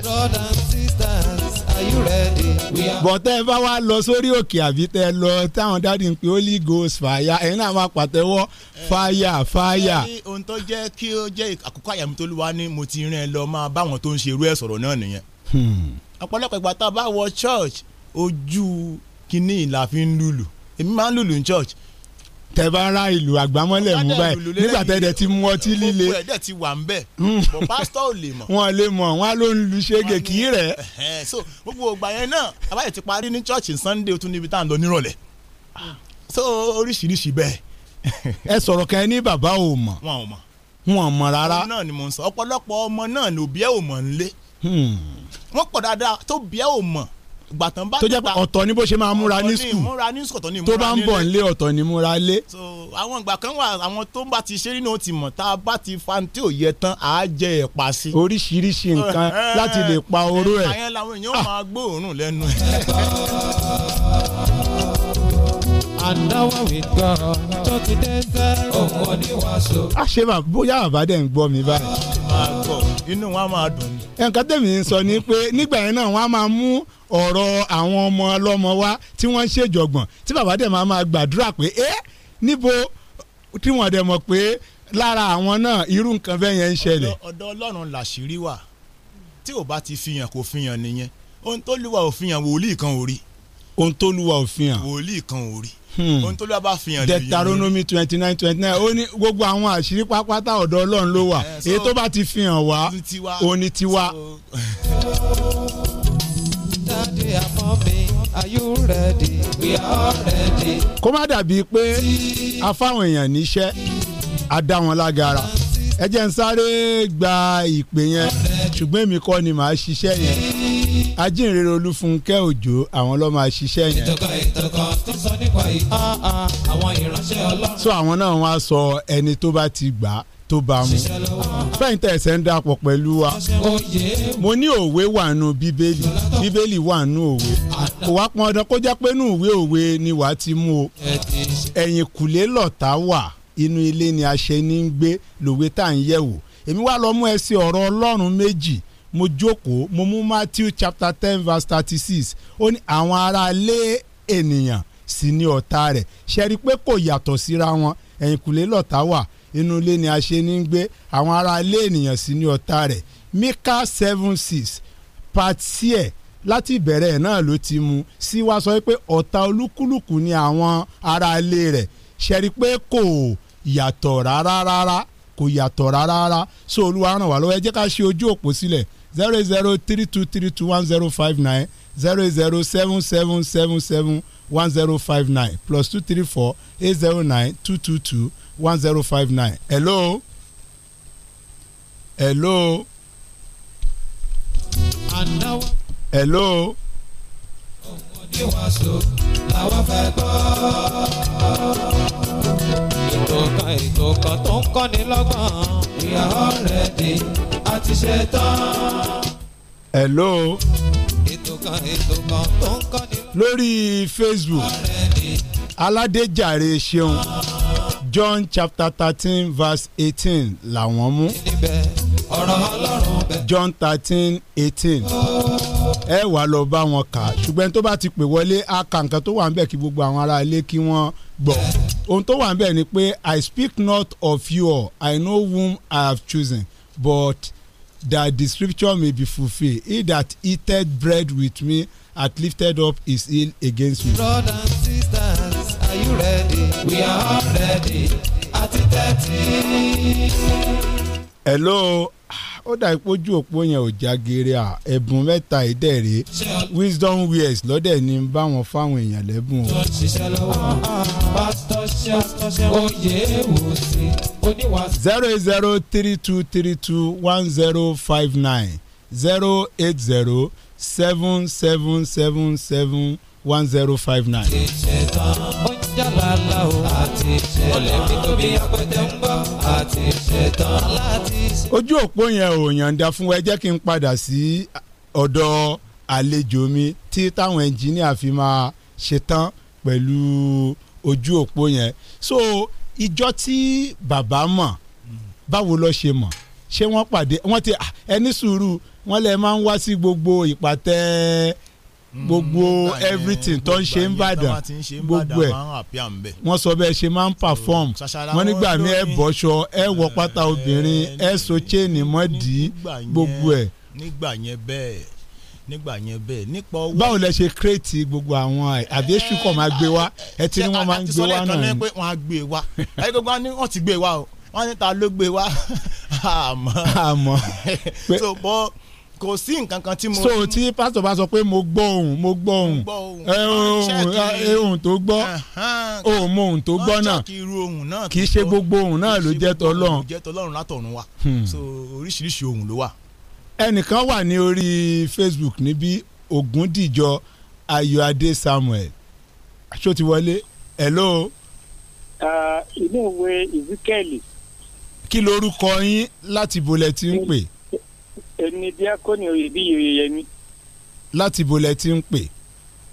brothers and sisters. Are you ready? bọ̀tẹ́ bá wa lọ sórí òkè àbí tẹ lọ táwọn dáàdi ń pe holy ghost fire ẹ̀yin náà máa pàtẹ́wọ́ fire fire. ẹ ohun tó jẹ́ kí ó jẹ́ àkókò àyàmú tó lùwá ni mo ti rìn ẹ lọ máa báwọn tó ń ṣe irú ẹ̀ sọ̀rọ̀ náà nìyẹn. Hmm. ọ̀pọ̀lọpọ̀ ìgbà tá a bá wọ church ojú kínní la fi ń lùlù èmi máa ń lùlù ní church tẹ bá ra ìlú àgbámọ́lẹ̀ mú báyìí nígbà tẹ dẹ ti mú ọtí líle gbogbo ẹ̀ dẹ̀ ti wà ń bẹ̀ hmm. bọ̀ pásítọ̀ ò lè mọ̀. wọn lè mọ̀ wọn ló ń lu ṣége kí rẹ̀. so gbogbo ògbà yẹn náà abáyé ti parí ní church sunday tún níbi tá à ń lọ nírọ̀lẹ́ so oríṣiríṣi bẹ́ẹ̀. ẹ sọ̀rọ̀ kan ẹ ní bàbá ò mọ̀ wọn ò mọ̀ wọn ò mọ̀ rárá. ọmọ náà ni mo ń sọ ọ̀pọ̀lọpọ̀ ọmọ náà ni òbí ẹ ò mọ̀ ń gbàtàn bá tó jẹ́ pé ọ̀tọ̀ ni bó ṣe máa múra ní skul tó bá ń bọ̀ nílé ọ̀tọ̀ ni múra lé. so àwọn ìgbà kan wà àwọn tó bá ti ṣe nínú ti mọ̀ tá a bá ti fa tí ò yẹ tán á jẹ ẹ̀pà sí. oríṣiríṣi nǹkan láti lè pa oró ẹ̀. àyẹ̀lẹ̀ àwọn èèyàn máa gbóòórùn lẹ́nu. àdáwọ̀ wìgbọ́ tó ti dé sẹ́. ohun oníwàásù. a ṣe máa bóyá àbádẹ́ ń gbọ́ mi báyìí. máa gbọ́ inú wa máa dùn ni. nǹkan tèmi ń sọ ni pé nígbà yẹn náà wọ́n á máa mú ọ̀rọ̀ àwọn ọmọ ọlọ́mọ wa tí wọ́n ń ṣèjọ̀gbọ̀n tí bàbá dẹ̀ máa máa gbàdúrà pé ẹ́ níbo tí wọ́n dẹ̀ mọ̀ pé lára àwọn náà irú nǹkan bẹ́ẹ̀ yẹn ń ṣẹlẹ̀. ọ̀dọ̀ Ọlọ́run làṣírí wà tí ò bá ti fihàn kò fihàn nìyẹn ohun tó lùwà òfihàn wòlíì kan ò rí. ohun tó lùwà òfihàn wòlíì kan ò rí Hmm. ohun tó ló bá fi hàn lóyún. Deuteronomy twenty nine twenty nine ó ní gbogbo àwọn àṣírí pápátá ọ̀dọ̀ Ọlọ́run ló wà èyí tó bá ti fi hàn wá ó ní tiwa. kó má dàbí pé a èèyàn níṣẹ́ a wọn lágara ẹ ń sáré gba ìpè yẹn ṣùgbọ́n èmi kọ́ ni màá ṣiṣẹ́ yẹn ajínrere Olúfúnkẹ́ Òjó àwọn ló máa yẹn sí ah, ah, àwọn ìránṣẹ́ ọlọ́run. so àwọn náà wá sọ ẹni tó bá ti gbà á tó bá mu fẹ́ǹtà ẹ̀sẹ̀ ń dàpọ̀ pẹ̀lú wa mo ní òwe wà nù bíbélì bíbélì wà nù òwe kò wá pọn ọdún kó jẹ́ pé nù òwe òwe ni wàá ti mú o ẹ̀yìn kùlé lọ̀tá wà inú ilé ni a ṣe ní ń gbé lòwe tá à ń yẹ̀ wò èmi wá lọ mú ẹsẹ̀ ọ̀rọ̀ ọlọ́run méjì mo jókòó mo mú Matthew chapter ten verse thirty six ó ní àwọn ará lé ènìyàn sì ni ọ̀tá rẹ̀ ṣe rí i pé kò yàtọ̀ síra wọn ẹ̀yìnkùlé lọ̀tá wà inú ilé ni a ṣe ní gbé àwọn ará ilé ènìyàn sì ni ọ̀tá rẹ̀ mika seven six patie láti ìbẹ̀rẹ̀ ẹ̀ náà ló ti mu sí wá sọ pé ọ̀tá olúkúlùkù ni àwọn ará ilé rẹ̀ ṣe rí i pé kò yàtọ̀ rárá rárá kò yàtọ̀ rárá rárá so olúwa ràn wá lọ́wọ́ ẹ jẹ́ ká ṣe ojú òpó sílẹ̀ zero zero three two three two one zero five nine zero zero seven seven seven seven one zero five nine plus two three four eight zero nine two two two one zero five nine. hello hello hello. ọmọdé wàásù tó ń kọ́ni lọ́gbọ̀n. ìyàwó rẹ̀ dé a ṣe tán. hello lórí facebook aládéjàre ṣeun john chapter thirteen verse eighteen làwọn mú john thirteen eighteen ẹ wàá lọ bá wọn kà ṣùgbọ́n tó bá ti pè wọlé a kà nǹkan tó wà ń bẹ̀ kí gbogbo àwọn ará ilé kí wọ́n gbọ́ ohun tó wà ń bẹ̀ ni pé i speak not of you all i know whom i have chosen but that the scripture may be fulfilled he that eateth bread with me hath lifted up his heel against me. brothers and sisters are you ready we are all ready àti thirty. hello ó dà ìpójú òpó yẹn ò jágeere à ẹ̀bùn mẹ́ta ìdẹ́rẹ́ wisdom wears lọ́dẹ̀ ni báwọn fáwọn èèyàn lẹ́bùn o zero eight zero three two three two one zero five nine zero eight zero seven seven seven seven one zero five nine. ó ń jà lálá o àti ṣetán ọ̀lẹ́bí tóbi apẹ̀tẹ̀ ń bọ̀ àti ṣetán láti ṣe. ojú òpó yẹn ò yànda fún wa ẹ jẹ́ kí n padà sí ọ̀dọ̀ àlejò mi tí táwọn ẹnjìníà fi máa ṣetán pẹ̀lú ojú òpó yẹn so ìjọ tí bàbá mọ̀ báwo lọ ṣe mọ̀ ṣé wọ́n pàdé wọ́n ti ah, ẹni sùúrù wọ́n lè máa ń wá sí gbogbo ìpàtẹ́ hmm, gbogbo everything tó ń ṣe ń bàdàn gbogbo ẹ̀ wọ́n sọ bẹ́ẹ̀ ṣe máa ń perform wọ́n nígbà míì ẹ bọ́ṣọ ẹ wọ pátá obìnrin ẹ so chain mọ́ dì í gbogbo ẹ̀. nígbà yẹn bẹ́ẹ̀ nígbà yẹn bẹ́ẹ̀ nípa owó. báwo lẹ ṣe kírètì gbogbo àwọn àbí èṣù máa gbé wá ẹ ti ní wọ́n máa ń gbé wá náà àti sọ́lẹ̀ kan pé wọ́n á gbé wá ẹ gbogbo wọn ni wọ́n ti gbé wá o wọ́n ní ló gbé wá àmọ́. àmọ́. so bọ́ kò sí nǹkan kan tí mo. so tí pásítọ̀ bá sọ pé mo gbọ́ ohùn mo gbọ́ ohùn ohùn tó gbọ́ ohùn mo ohùn tó gbọ́ náà kì í ṣe gbogbo ohùn náà ló jẹ́ tọ́lọ́run. ló jẹ́ tọ́lọ́run látọ̀run wa hmm. so oríṣiríṣi ohùn ló wà ẹnìkan wà ní orí Facebook níbi Ògúndìjọ Ayọ̀adé Samuel aṣọ ti hello. ilé ìwé Ezekiel. kí lorúkọ yín láti bolẹ̀ tí ń pè. èmi díákónì Oyèbíyì Yẹmí. láti bolẹ̀ tí ń pè.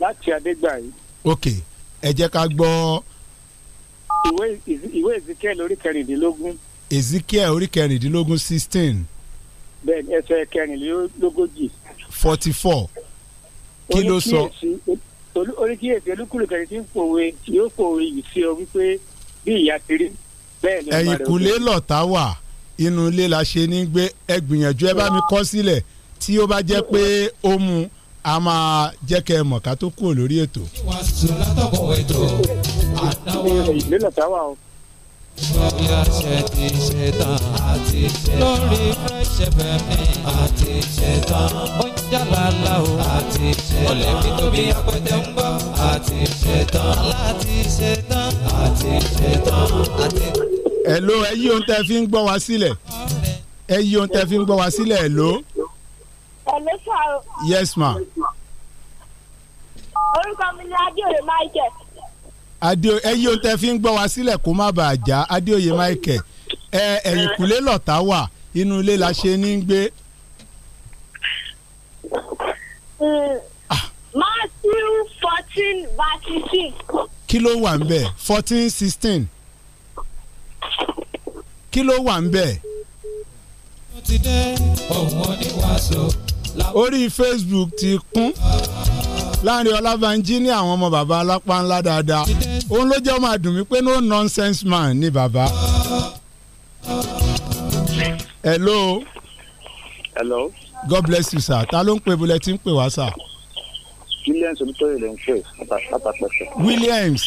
láti Adégbàyí. ok ẹ jẹ́ ká gbọ́. ìwé Ezekiel orí kẹrìndínlógún. Ezekiel orí kẹrìndínlógún sixteen bẹ́ẹ̀ni ẹsẹ̀ kẹrìnlélógójì. forty four kí ló sọ. oríkìyèsí olúkúlùkù tí ń pòwe yóò pòwe yìí sí ọ wípé bí ìyá ti rí bẹ́ẹ̀ ni. ẹ̀yìnkùlé lọ̀tá wà inú ilé la ṣe ní gbé ẹ ẹ bá mi kọ sílẹ̀ tí ó bá jẹ́ pé ó mu a máa jẹ́ kẹ́ ẹ mọ̀ ká tó kúrò lórí ètò. ìwà sùn látọ̀kọ̀ ètò àdáwọ̀ lórí àṣẹ ti ṣe tán àti ṣe tán lórí Fresh FM àti ṣe tán ó ń jàlálà o àti ṣe tán ó lè fi tóbi apẹ̀tẹ̀ ń gbọ́ àti ṣe tán láti ṣe tán àti ṣe tán àti. ẹ ló ẹ yí ohun tẹ́ fi ń gbọ́ wá sílẹ̀ ẹ yí ohun tẹ́ fi ń gbọ́ wá sílẹ̀ ẹ ló. ẹ ló sọ. yes ma. orúkọ mi ni adéoyè michael ẹyí ohun tẹ fi ń gbọ́ wa sílẹ̀ kó má bàa já adéoyè michael ẹ ẹ̀yìnkùlé lọ̀tá wà inú ilé la ṣe ní gbé. matthew fourteen verse six. kí ló wà ń bẹ̀ fourteen sixteen kí ló wà ń bẹ̀. orí facebook ti kún láàrin ọlábànjí ní àwọn ọmọ bàbá alápá ńlá dáadáa òun ló jẹ́ ọmọ àdùnmí pé no nonsense man ni bàbá. hello. hello. God bless you sir ta ló ń pè bulẹ̀ tí ń pè wá sir. Williams olùtọ́yè lè ń pè látàpẹ̀sẹ̀. Williams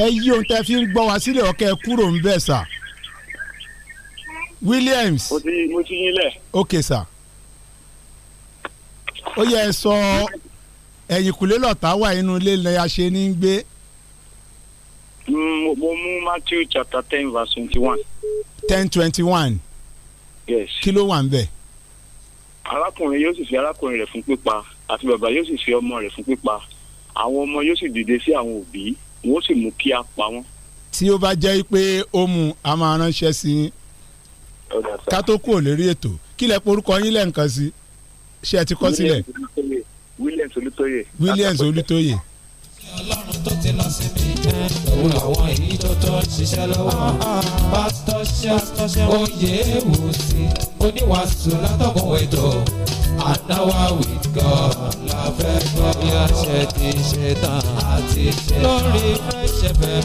ẹ yí ohun tẹ́ fi ń gbọ́ wá sílẹ̀ ọ̀kẹ́ kúrò ń bẹ̀ sà. Williams. mo ti mo ti yín lẹ̀. ok sà. ó yẹ ẹ sọ ẹ̀yìnkùlé lọ́tà wà inú ilé ilẹ̀ àṣẹ ní í gbé. Mm, mo mú Matthew chapter ten verse twenty one. ten twenty one. yes. kí ló wà ń bẹ̀. arákùnrin yóò sì fi arákùnrin rẹ̀ fún pípa àti bàbá yóò sì fi ọmọ rẹ̀ fún pípa àwọn ọmọ yóò sì dìde sí àwọn òbí wọn ó sì mú kí a pa wọn. tí ó bá jẹ́ pé ó mu a máa ránṣẹ́ sí i ká tó kúrò lérí ètò kí lẹ porúkọ yín lẹ́ǹkan sí ṣé ẹ ti kọ sílẹ̀. Williams Olútóyè. Williams Olútóyè ọlọ́run tó ti lọ sí mi òun àwọn ìjọ tó ń ṣiṣẹ́ lọ́wọ́ pásítọ̀ ṣe oyè wò sí oníwàásù látọ̀kùn ètò adáwà with God la fẹ́ gbọ́ bí a ṣe ti ṣe tán àti ṣe tán lórí Fresh FM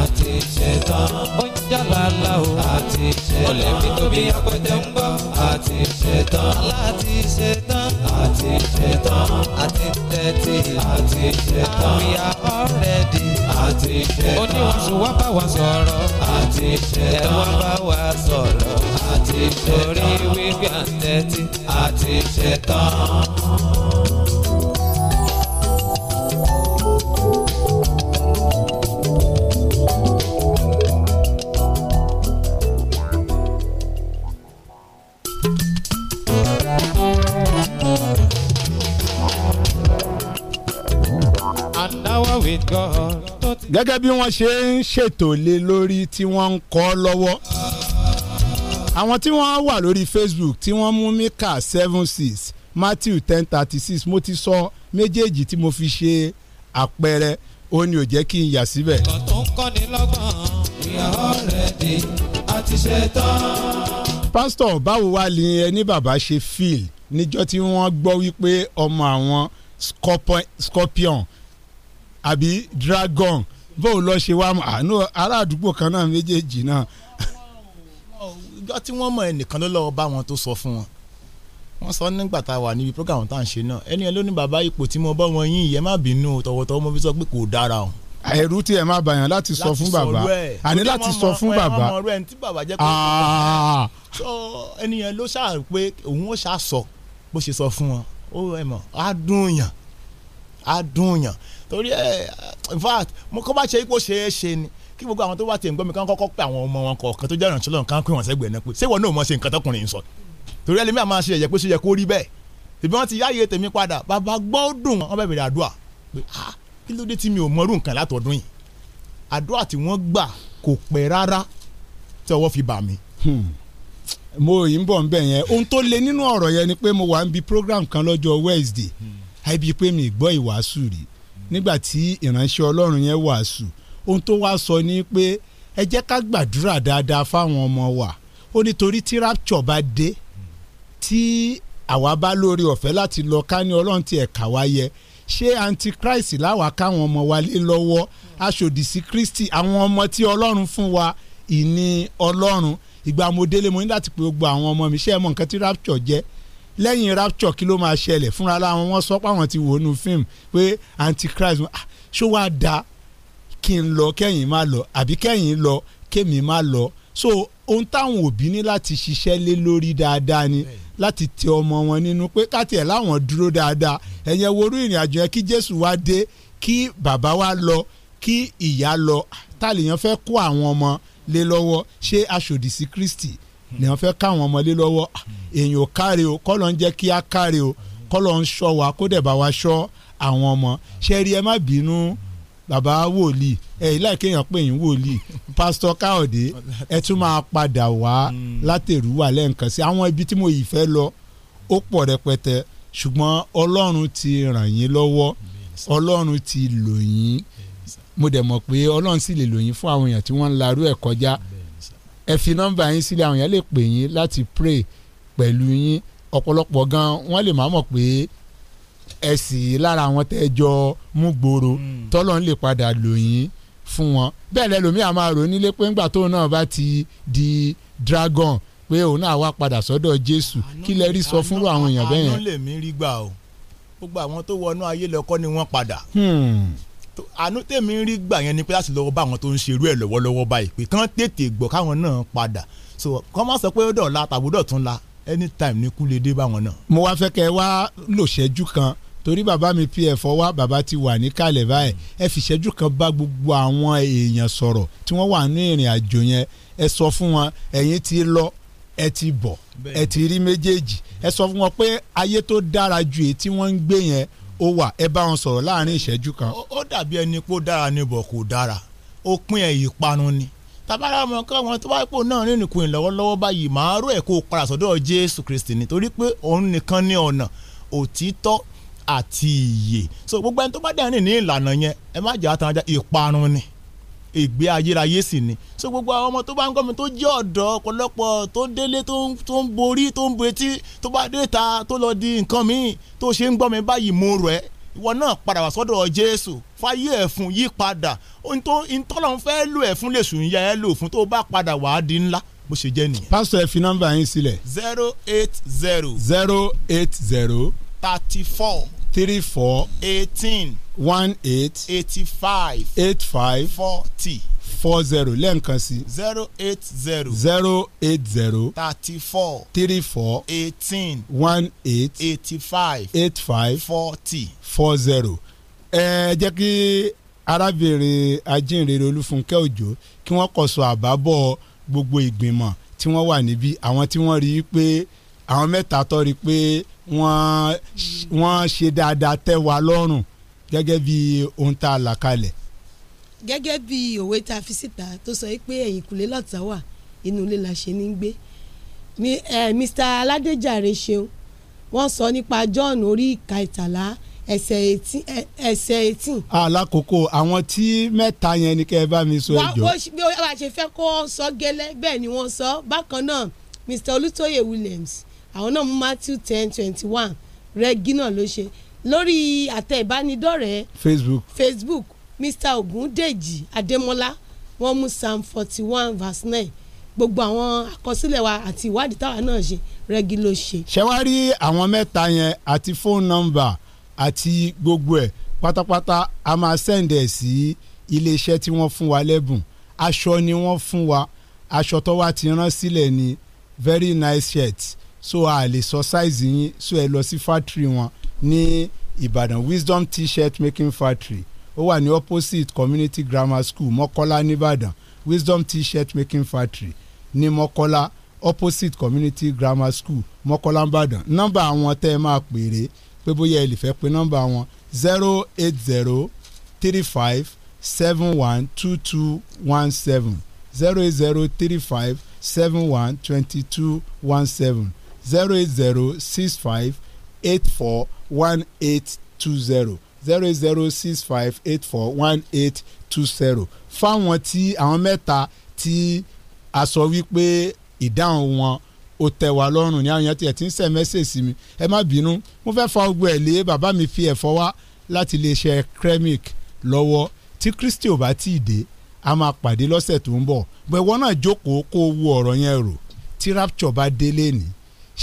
àti ṣe tán ó ń jàlálà o àti ṣe tán ó lè tóbi apẹ̀tẹ̀ ń gbọ́ àti ṣe tán láti ṣe tán àti ṣe tán àti tẹ́tí àti ṣe tán àmì ìyá ọ̀rẹ́dì. àti ṣẹ̀dá. ó ní wọ́n ṣù wá bá wa sọ̀rọ̀. àti ṣẹ̀dá. ẹ wá bá wa sọ̀rọ̀. àti ṣẹ̀dá. orí wíwí àtẹ́tí. àti ṣẹ̀dá. gẹ́gẹ́ bí wọ́n ṣe ń ṣètò lé lórí tí wọ́n ń kọ́ lọ́wọ́ àwọn tí wọ́n wà lórí Facebook tí wọ́n mú mika seven six Matthew ten thirty six mo ti sọ méjèèjì tí mo fi ṣe àpẹẹrẹ ó ní ò jẹ́ kí n yà síbẹ̀. pásítọ̀ báwo wá ni ẹni bàbá ṣe fíìl níjọ́ tí wọ́n gbọ́ wípé ọmọ àwọn scorpion àbí dragon bóun lọ ṣe wá àánú ará àdúgbò kan náà méjèèjì náà. ìgbà tí wọ́n mọ ẹnìkan ló lọ́wọ́ bá wọn tó sọ fún wọn wọ́n sọ nígbà tá a wà níbi program tá à ń ṣe náà ẹni ẹ ló ní bàbá ipò tí mo bọ́ wọn yín ìyẹn má bínú tọwọ́tọwọ́ mo fi sọ pé kò dára o ẹrú tí ẹ má bàyàn láti sọ fún bàbá àní láti sọ fún bàbá ẹnìyẹn ah. ló ṣáà pé òun ó ṣáà sọ bó ṣe sọ fún wọn ó ẹ mọ á dùn yàn á dùn yàn torí ẹ in fact mo kọ́ bá ṣe ipò ṣe é ṣe ni kí gbogbo àwọn tó bá tiẹ̀ ń gbọ́ mi kán kọ́kọ́ pé àwọn ọmọ wọn kọ̀ọ̀kan tó jẹ́ ìrànṣẹ́ lọ́nà kán pé wọ́n sẹ́gbẹ̀ẹ́ náà pé ṣé wọn náà mọ̀ ṣe nǹkan tọkùnrin sọ torí ẹlẹ́mí àmọ́ ṣe ẹ̀yẹ pé ṣe yẹ kó rí bẹ́ẹ̀ tèmi wọ́n ti yáyé tèmi padà bàbá gbọ́dùn wọn bẹ̀ bẹ̀rẹ̀ àdúrà pé ah kí ló dé tí mi ò mọrú nǹkan látọ̀dún yìí àdúrà tí wọ́n gbà kò pẹ́ rárá tí ọwọ́ fi bà mí. Hmm. mo yìí ń bọ̀ ń bẹ̀ yẹn ohun tó le nínú ọ̀rọ̀ yẹn ni pé mo wà ń bi program kan lọ́jọ́ Wednesday hmm. àìbí pé mi gbọ́ ìwàásù rí nígbà tí ìránṣẹ́ ọlọ́run yẹn wàásù ohun tó wá sọ ni pé ẹ jẹ́ ká gbàdúrà dáadáa fáwọn ọmọ wa ó nítorí tí rapture bá dé tí àwa bá lórí ọ̀fẹ́ láti lọ ká ní ọlọ́run ti ẹ̀ka wa yẹ ṣé antichrist láwa káwọn ọmọ wa lé lọ́wọ́ aṣòdì sí Kristi àwọn ọmọ tí ọlọ́run fún wa ìní ọlọ́run ìgbà mo délé mo ní láti pe gbogbo àwọn ọmọ mi ṣé ẹ mọ nǹkan tí rapture jẹ́ lẹ́yìn rapture kí ló máa ṣẹlẹ̀ fúnra ara wọn wọ́n sọ pé àwọn ti wò nu fíìmù pé antichrist ah, ṣó wàá da kí n lọ kẹ́yìn má lọ àbí kẹ́yìn lọ kémi má lọ so ohun táwọn òbí ní láti ṣiṣẹ́ lé lórí dáadáa ni láti tẹ ọmọ wọn nínú pé káti ẹ̀ láwọn dúró dáadáa ẹ̀yẹn worú ìrìn àjò yẹn kí jésù wá dé kí bàbá wa lọ kí ìyá lọ tàlẹ́yàn fẹ́ kó àwọn ọmọ lé lọ́wọ́ ṣé aṣòdì sí kristi lèèyàn fẹ́ káwọn ọmọlé lọ́wọ́ èèyàn ò káre o kọ́ ló ń jẹ́ kí á káre o kọ́ ló ń ṣọ́ wa kó dẹ̀ bá wa ṣọ́ àwọn ọmọ ṣẹ́rí ẹ má bínú bàbá wòlíì ẹ ilé àkéèyàn pé yín wòlíì pásítọ̀ káòdé ẹ tún máa padà wá látẹ̀rúwà lẹ́ǹkan sí àwọn ibi tí mo yìí fẹ́ lọ ó pọ̀ rẹpẹtẹ ṣùgbọ́n ọlọ́run ti ràn yín lọ́wọ́ ọlọ́run ti lò yín mo dẹ̀ mọ̀ pé ọlọ́run sì lè lò yín fún àwọn èèyàn tí wọ́n ń larú ẹ̀ kọjá. Mm ẹ fi nọ́mbà yín sílẹ̀ àwọn yẹn lè pè yín láti pray pẹ̀lú yín ọ̀pọ̀lọpọ̀ gan wọ́n lè má mọ̀ pé ẹ sì lára àwọn tẹ́ jọ mú gbòòrò hmm. tọ́lọ́ ń lè padà lò yín fún wọn bẹ́ẹ̀ lẹ́lòmí a máa rò pé ńgbà tóun náà bá ti di dragon pé òun náà wá padà sọ́dọ̀ Jésù kí lẹ rí sọ fúnrú àwọn èèyàn bẹ́ẹ̀ yẹn. àánú lèmi rí gbà o gbogbo àwọn tó wọnú ayé lọ́kọ́ ni wọ́n padà. Hmm àánú tèmi ń rí gbà yẹn ni pé láti lọ́wọ́ bá àwọn tó ń ṣerú ẹ̀ lọ́wọ́lọ́wọ́ báyìí pé kán tètè gbọ́ káwọn náà padà so kọ́ má sọ pé ó dọ̀la tàbí dọ̀tún la anytime ni kú lè dé báwọn náà. mo wá fẹ́ kẹ́ ẹ wá lò ṣẹ́jú kan torí bàbá mi pf wá bàbá ti wà ní kalẹ̀ báyìí ẹ fi ṣẹ́jú kan bá gbogbo àwọn èèyàn sọ̀rọ̀ tí wọ́n wà ní ìrìn àjò yẹn ẹ sọ fún wọn ẹ̀yin ti lọ ẹ ti bọ̀ ẹ ti rí méjèèjì ẹ sọ fún wọn pé ayé tó dára ju èyí tí wọ́n ń gbé yẹn ó wà ẹ bá wọn sọ̀rọ̀ láàrin ìṣẹ́jú kan. ó dàbí ẹni pé ó dára ni bọ̀ kò dára ó pín ẹ̀ ìparun ni tabara ọmọ kan wọn tó bá pò náà nínú ìkùn lọ́wọ́lọ́wọ́ báyìí màá rò ẹ̀ kó o padà sọ́dọ̀ Jésù Kristi nítorí pé òun nìkan ní ọ̀nà òtítọ́ àti ìyè so gbogbo ẹni tó bá dẹ̀ rìn ní ìlànà yẹn ẹ má jẹ́ àtàwọn ìparun ni ègbé ayérayé sì ni so gbogbo àwọn ọmọ tó bá ń gbọ́ mi tó jẹ́ ọ̀dọ́ ọ̀pọ̀lọpọ̀ tó délé tó ń borí tó ń bo etí tó bá dé ta tó lọ di nǹkan míì tó ṣe ń gbọ́ mi báyìí mo rẹ̀ ìwọ náà padà wá sọ́dọ̀ Jésù fáyé ẹ̀fún yí padà ntọ́lọ́n fẹ́ lò ẹ̀fún lè sùn ya ẹ̀ lò fún tó bá padà wàá di ńlá bó ṣe jẹ́ nìyẹn. pásítọ̀ ẹ fi nọ́mbà yín sílẹ̀. zero eight zero. zero eight zero. thirty four. three four. eighteen one eight eighty five eight five forty four zero lẹ́ẹ̀kan sí. zero eight zero zero eight zero thirty four three four eighteen one eight eighty five eight five forty four zero. ẹ jẹ́ kí arábìnrin ajínrere olúfúnkẹ́ òjó kí wọ́n kọ̀ sọ àbábọ̀ gbogbo ìgbìmọ̀ tí wọ́n wà níbí àwọn tí wọ́n rí i pé àwọn mẹ́ta tó rí i pé wọ́n ṣe dáadáa tẹ́ wa lọ́rùn gẹ́gẹ́ bí ohun tá a là kalẹ̀. gẹ́gẹ́ bí òwe tá a fi síta tó sọ pé ẹ̀yìnkùlé lọ́tà wà inú ilé la ṣe ní gbé Mr. Aládéjàre ṣeun wọ́n sọ nípa John orí ìka ìtàlá ẹsẹ̀ eighteen ẹsẹ̀ eighteen. alákòókò àwọn tí mẹ́ta yẹn ni kẹ́ ẹ bá mi sọ ẹjọ́. bí wọ́n ṣe fẹ́ kó sọ gẹ́lẹ́ bẹ́ẹ̀ ni wọ́n sọ bákan náà Mr. Olútóyè Williams àwọn náà mú Matthew ten twenty one rẹ́gí náà ló ṣe lórí àtẹ ìbánidọ́rẹ̀ẹ́ facebook facebook mr ogundeji ademola wọ́n mú psalm forty one verse nine gbogbo àwọn àkọsílẹ̀ wa àti ìwádìí táwa náà ṣe rẹ́gí ló ṣe. ṣẹwárí àwọn mẹ́ta yẹn àti fóònù nọ́mbà àti gbogbo ẹ̀ pátápátá a máa sẹ́ǹdẹ̀ sí iléeṣẹ́ tí wọ́n fún wa lẹ́bùn aṣọ ni wọ́n fún wa aṣọ tó wá ti rán sílẹ̀ ni very nice shirt so a lè sọ sáìzì yín so ẹ lọ sí fátìrì wọn ní Ìbàdàn Wisdom t-shirt making factory ó wà ní opposite community grammar school Mọ́kọ́lá nìbàdàn Wisdom t-shirt making factory ní Mọ́kọ́lá opposite community grammar school Mọ́kọ́lá nìbàdàn nọ́mbà àwọn tẹ́ ẹ máa pèrè pé bóyá ẹ lè fẹ́ pe nọ́mbà wọn zero eight zero three five seven one two two one seven zero eight zero three five seven one twenty two one seven zero eight zero six five eight four one eight two zero zero zero six five eight four one eight two zero fáwọn tí àwọn mẹ́ta tí a sọ wípé ìdáhùn wọn ó tẹ́ wa lọ́rùn ní àwọn yẹn tiẹ̀ ti ń sẹ́ mẹ́sẹ̀sì mi ẹ má bínú mo fẹ́ fa ogbó ẹ̀ lé bàbá mi fi ẹ̀fọ́ wá láti iléeṣẹ́ kremik lọ́wọ́ tí kristi ò bá tí ì dé a máa pàdé lọ́sẹ̀ tó ń bọ̀ bọ̀ ẹ̀wọ́n náà jókòó kó o ọ̀rọ̀ yẹn rò tí rapture bá délé ni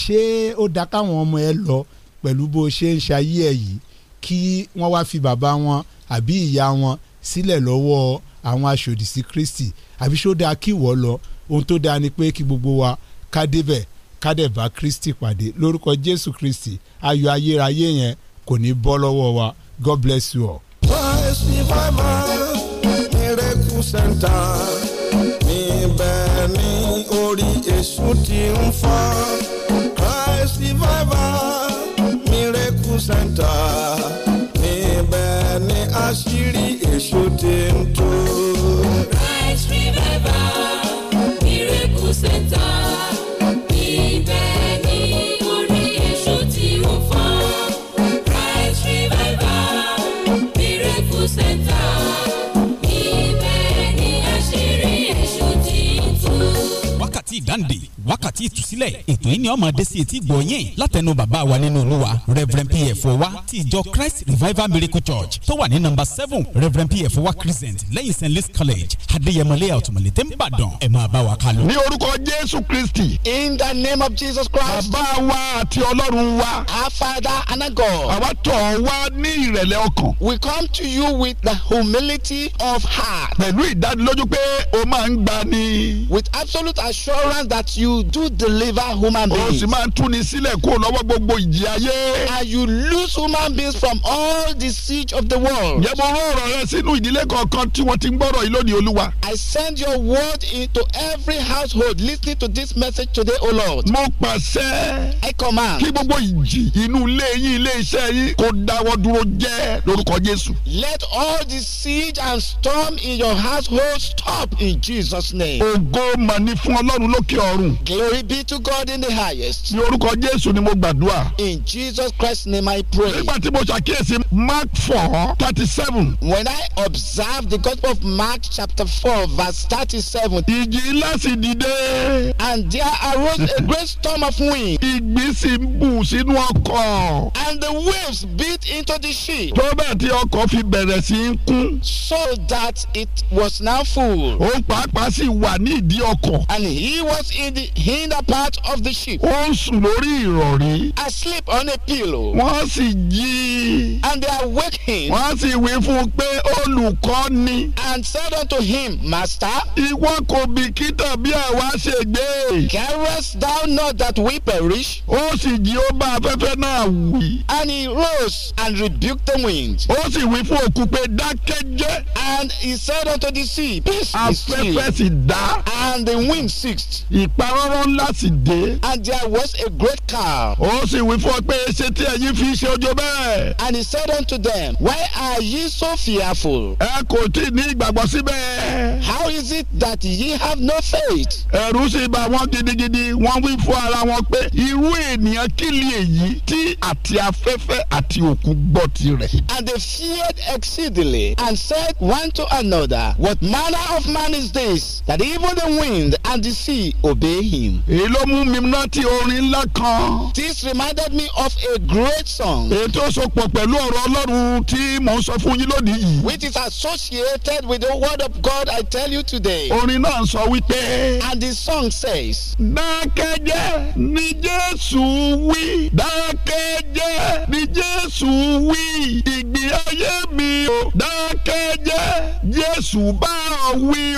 ṣé ó da káwọn ọmọ ẹ lọ pẹ̀lú bó ṣe ń ṣayé ẹ̀ yìí kí wọ́n wá fi bàbá wọn àbí ìyá wọn sílẹ̀ lọ́wọ́ àwọn aṣòdì Kristi àbí ṣó kí ìwọ lọ ohun tó dáa ni pé kí gbogbo wa ká débẹ̀ Kristi pàdé lórúkọ Jésù Kristi ayọ̀ ayérayé yẹn kò ní bọ́ lọ́wọ́ wa God bless you all. Christ revival miracle center níbẹ̀ ni orí èṣù ti ń fọ́ Christ revival. sẹ́ńtà níbẹ̀ a àṣírí èso ti ń tó. wákàtí ìtúsílẹ̀ ètò yìí ni ó máa sí etí gbọ̀nyìn látẹnu bàbá wa nínú olúwa reverend pf wa ti ìjọ christ revival miracle church tó wà ní number seven reverend pf wa crescent lẹ́yìn st louis college adéyẹmọlẹ́ àtùmọ̀lẹ́ tẹ́ ń bàdàn ẹ̀ máa bá wa kálọ. ní orúkọ jésù kristi. in the name of jesus christ. bàbá wa àti ọlọ́run wa. our father and our god. àwa tọ̀ wá ní ìrẹ̀lẹ̀ ọkàn. we come to you with the humility of heart. pẹ̀lú ìdánilójú pé o máa ń gbani. with absolute assurance that you do to deliver human beings. o sì máa tú ni sílẹ̀ kó lọ́wọ́ gbogbo ìjì ayé. and you lose human beings from all the siege of the world. ǹjẹ́ mo rán ọ̀rọ̀ rẹ sínú ìdílé kọ̀ọ̀kan tí wọ́n ti ń gbọ́rọ̀ yìí lónìí olúwa. I send your word into every household listening to this message today o Lord. mo pàṣẹ. I command. kí gbogbo ìjì inú ilé yín ilé iṣẹ́ yín kó dáwọ́ dúró jẹ́ lórúkọ Jésù. let all the siege and storm in your household stop in Jesus name. ògo mà ní fún Ọlọ́run lókè ọ̀run. glory Glory be to God in the highest. Ní orúkọ Jésù ni mo gbàdúrà. In Jesus Christ's name I pray. Nígbà tí mo ṣàkíyèsí Mark four thirty-seven. When I observe the gospel of Mark chapter four verse thirty-seven. Ìjì ńlá sì dìde. And there arose a great storm of wind. Ìgbín sì ń bù sínú ọkọ̀. And the waves beat into the ship. Tó bẹ́ẹ̀ tí ọkọ̀ fi bẹ̀rẹ̀ sí í kún. So that it was now full. Ó pàápàá sì wà ní ìdí ọkọ̀. And he was in the in the part of the ship. Ó ń sùn lórí ìrọ̀rí. Asleep on a pillow. Wọ́n sì jí. And they are waking. Wọ́n sì wí fún un pé olùkọ́ ni. And said unto him, Master. Ìwọ kò bìkítà bí àwa ṣe gbé. Carest thou not that we perish? Ó sì jí ó bá afẹ́fẹ́ náà wí. And he rose and rebuked the wind. Ó sì wí fún òkú pé dákẹ́jẹ́. And he said unto the sea, Peace be still. Afẹ́fẹ́ sì dá. And the wind ceased. Ìparọ́rọ́ láti dé. and there was a great calm. ó sì wí fún ọ pé ṣé tí ẹ̀yin fi ṣe bẹ́ẹ̀. and he said unto them why are ye so fearful. ẹ kò tí ì ní ìgbàgbọ́ síbẹ̀. how is it that ye have no faith. ẹ̀rù sì bà wọ́n gidigidi wọ́n wí fún ara wọn pé irú ènìyàn kí ni èyí tí àti afẹ́fẹ́ àti òkú gbọ́ and they feared exceedingly and said one to another what manner of man is this that even the wind and the sea obey him èyí ló mú mi orin ńlá kan. this reminded me of a great song. sopọ̀ pẹ̀lú ọ̀rọ̀ ọlọ́run tí mò ń sọ fún yín lónìí. which is associated with the word of God I tell you today. orin náà sọ wípé. and the song says. dákẹ́jẹ́ ni Jésù wí. dákẹ́jẹ́ ni Jésù wí. ayé mi o. dákẹ́jẹ́ Jésù bá ọ wí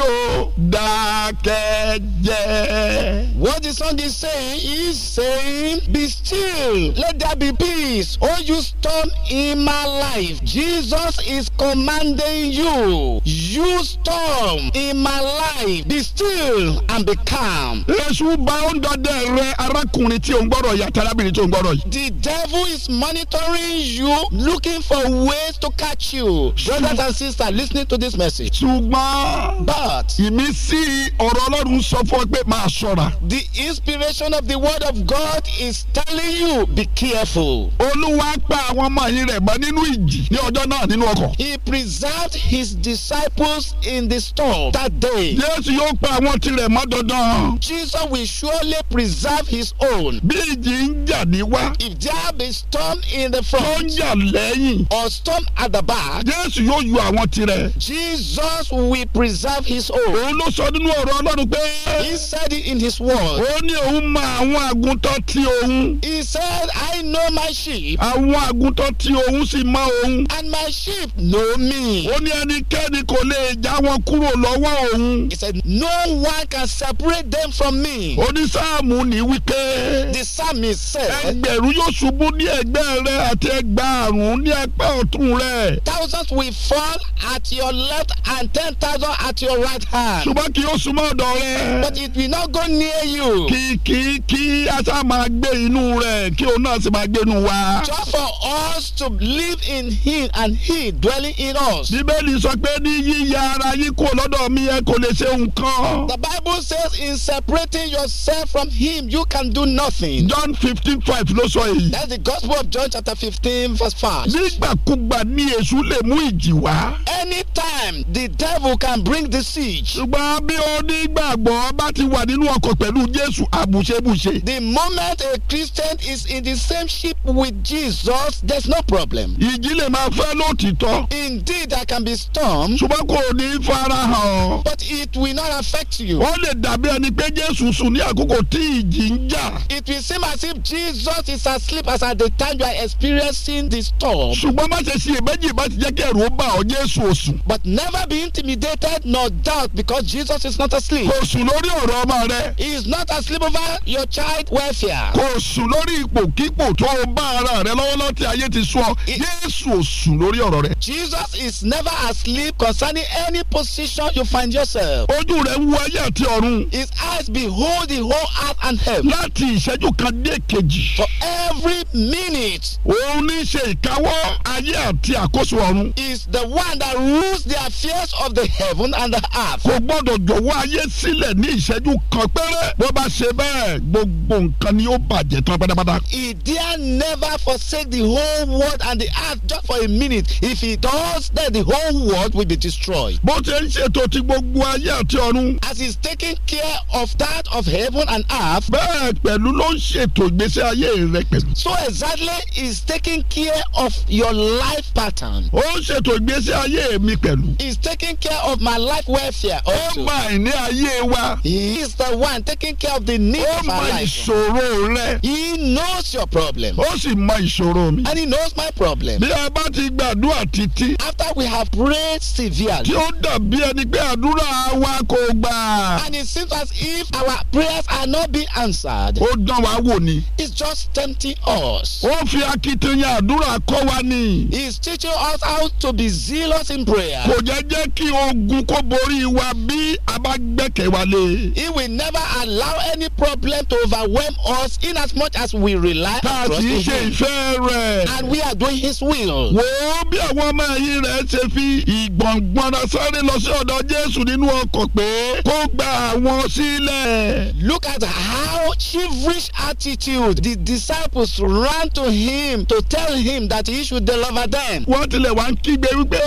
dákẹ́jẹ́. wọ́n. What the song is saying is saying, Be still, let there be peace. Oh, you storm in my life. Jesus is commanding you. you storm in my life be still and be calm. bá rẹ arákùnrin tí ò ń tí ò gbọ́rọ̀ yìí. The devil is monitoring you looking for ways to catch you. Brothers and sisters listening to this message. Ṣùgbọ́n. But. Ìmísí ọ̀rọ̀ Ọlọ́run sọ fún ọ pé máa ṣọ́ra. The inspiration of the word of God is telling you be careful. Olúwa pa àwọn ọmọ yìí rẹ̀ nínú ìjì ní ọjọ́ náà nínú ọkọ̀. He preserved his disciples. pupils in the storm that day. Jésù yóò pa àwọn tirẹ̀ mọ́ dandan. Jesus will surely preserve his own. Bí ìjì ń jà níwá. If there be storm in the front. Tó ń jà lẹ́yìn. Or storm at the back. Jésù yóò yọ àwọn tirẹ̀. Jesus will preserve his own. Òun ló sọ nínú ọ̀rọ̀ Ọlọ́run pé. He said it in his word. Ó ní òun mọ àwọn àgùntàn tí òun. He said I know my sheep. Àwọn àgùntàn tí òun sì mọ òun. And my sheep know me. Ó ní ẹnikẹ́ni kò lè lè já wọn kúrò lọ́wọ́ òun. He said no one can separate them from me. Onísáàmù ní wípé. The psalmist said. Ẹgbẹ̀rún yóò ṣubú ní ẹgbẹ́ rẹ àti ẹgbàárún ní ẹgbẹ́ ọ̀tún rẹ. Thousands will fall at your left and ten thousand at your right hand. Ṣùgbọ́n kì yóò súnmọ́ ọ̀dọ̀ rẹ. But it will not go near you. Kì kì kí aṣá máa gbé inú rẹ̀ kí òun náà sì máa gbé inú wa. Just for us to live in him and he dwelling in us. Bíbélì sọ pé ní yí yíya ara yín kúrò lọ́dọ̀ mi ẹ kò lè ṣe nǹkan. The Bible says in separating yourself from him you can do nothing. John fifteen five ló sọ èyí. That's the gospel of John chapter fifteen verse five. Nígbàkúgbà ni èṣù lè mú ìjì wá. Anytime the devil can bring the siege. Ṣùgbọ́n bí onígbàgbọ́ bá ti wà nínú ọkọ̀ pẹ̀lú Jésù àbùṣebùṣe. The moment a Christian is in the same ship with Jesus there's no problem. Ìjì lè máa fẹ́ lóòtítọ́. Indeed I can be stormed. Ṣùgbọ́n kò ní farahàn. but it will not affect you. ó lè dàbí ẹni pé Jésù sùn ní àkókò tí ìjì ń jà. it will seem as if Jesus is asleep as at the time you are experiencing the storm. ṣùgbọ́n má ṣe ṣe ìbẹ́jì bá ti jẹ́ kí ẹ̀rù ó bà ọ́ Jésù ò sùn. but never be intimidated nor doubt because Jesus is not asleep. kò sùn lórí ọ̀rọ̀ ọmọ rẹ. he is not asleep over your child welfare. kò sùn lórí ipòkípò tó o bá ara rẹ lọ́wọ́lọ́wọ́ tí ayé ti sọ Jésù ò sùn lórí ọ̀rọ̀ rẹ. Jesus is never asleep concerning be any position you find yourself. ojú rẹ̀ wú ayé àti ọ̀run. his eyes behold the whole earth and heaven. láti ìṣẹ́jú kan dé kejì. for every minute. òun ní ṣe ìkáwọ́ ayé àti àkóso ọ̀run. is the one that rules the affairs of the heaven and the earth. kò gbọ́dọ̀ jọ̀wọ́ ayé sílẹ̀ ní ìṣẹ́jú kan péré. bó bá ṣe bẹ́ẹ̀ gbogbo nǹkan ni ó bàjẹ́ tán pátápátá. he dare never forsake the whole world and the earth just for a minute if he does then the whole world will be destroyed destroyed. bó ń ṣètò ti gbogbo ayé àti ọ̀run. as he is taking care of that of heaven and earth. bẹ́ẹ̀ pẹ̀lú ló ń ṣètò ìgbésí ayé rẹ pẹ̀lú. so exactly he is taking care of your life pattern. ó ń ṣètò ìgbésí ayé mi pẹ̀lú. he is taking care of my life welfare also. ó ayé wa. he is the one taking care of the needs of my life. ó ìṣòro rẹ. he knows your problem. ó sì mọ ìṣòro mi. and he knows my problem. bí a bá ti gbàdúrà títí. after we have prayed severe. prayers. kí ó dàbí ẹni pé àdúrà wa kò gbà. and it seems as if our prayers are not being answered. ó dán wa wò ni. it's just tempting us. ó fi akitiyan àdúrà kọ́ wa ni. he is teaching us how to be zealous in prayer. kò jẹ́ jẹ́ kí ogun kó borí wa bí a bá gbẹ́kẹ̀ wa lé. he will never allow any problem to overwhelm us in as much as we rely on trust in him. tá ti ṣe ìfẹ́ rẹ̀. and we are doing his will. wo bí àwọn ọmọ ẹ̀yìn rẹ̀ ṣe fi ìgbọ̀ngbọ̀n padà sáré lọ sí ọ̀dọ̀ Jésù nínú ọkọ̀ pé kó gba àwọn sílẹ̀. Look at how chivalrous attitude the disciples ran to him to tell him that he should deliver them. Wọ́n tilẹ̀ wá ń kígbe wípé.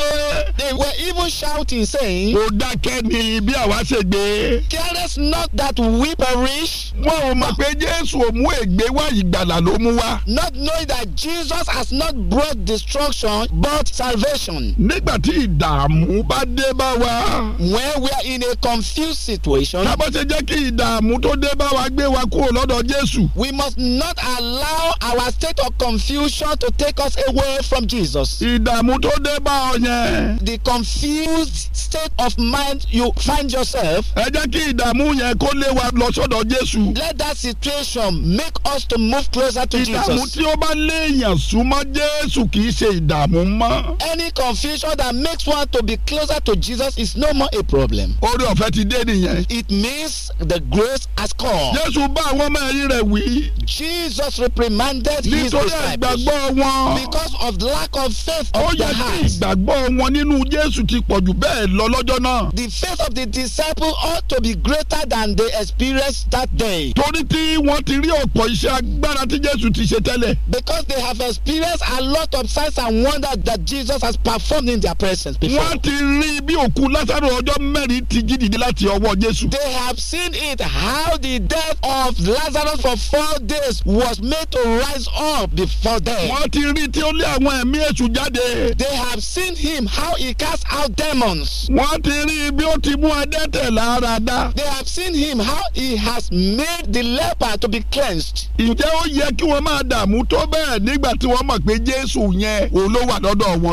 They were even shouting saying. Kò dákẹ́ ni bí àwa ṣe gbé. Carest not that we perish. Wọ́n ò mọ̀ pé Jésù ò mú ègbé wá ìgbàlà ló mú wá. Not knowing that Jesus has not brought destruction but salvation. Nígbà tí ìdààmú bá dé bá wa. when we are in a confused situation. tábọ̀ ṣe jẹ́ kí ìdààmú tó dé bá wa gbé wa kúrò lọ́dọ̀ Jésù. we must not allow our state of confusion to take us away from Jesus. ìdààmú tó dé bá ọ yẹn. the confused state of mind you find yourself. ẹ jẹ́ kí ìdààmú yẹn kó lé wa lọ sọ́dọ̀ Jésù. let that situation make us to move closer to Jesus. ìdààmú tí ó bá léèyàn súnmọ́ Jésù kì í ṣe ìdààmú mọ́. any confusion that makes one to be clear closer to Jesus is no more a problem. Orí ọ̀fẹ́ ti dé nìyẹn. It means the grace has come. Jésù bá àwọn ọmọ ẹ̀yìn rẹ̀ wí. Jesus reprimanded his disciples. Nítorí àgbàgbọ́ wọn. Because of the lack of faith of oh, the heart. Ó yẹ kí ìgbàgbọ́ wọn nínú Jésù ti pọ̀jù bẹ́ẹ̀ lọ lọ́jọ́ náà. The faith of the disciples ought to be greater than they experienced that day. Torí tí wọ́n ti rí ọ̀pọ̀ iṣẹ́ agbára tí Jésù ti ṣe tẹ́lẹ̀. Because they have experienced a lot of signs and wonders that Jesus has performed in their presence before. Wọ́n ti rí bí òkú Lásárù ọjọ́ mẹ́rin ti jí dìde láti ọwọ́ Jésù. They have seen it how the death of Lazarus for four days was made to rise up the fourth day. Wọ́n ti rí tí ó lé àwọn ẹ̀mí èṣù jáde. They have seen him how he cast out demons. Wọ́n ti rí bí ó ti mú adẹ́tẹ̀ lára dá. They have seen him how he has made the leper to be cleansed. Ǹjẹ́ ó yẹ kí wọ́n máa dààmú tó bẹ́ẹ̀ nígbà tí wọ́n mọ̀ pé Jésù yẹn òun ló wọn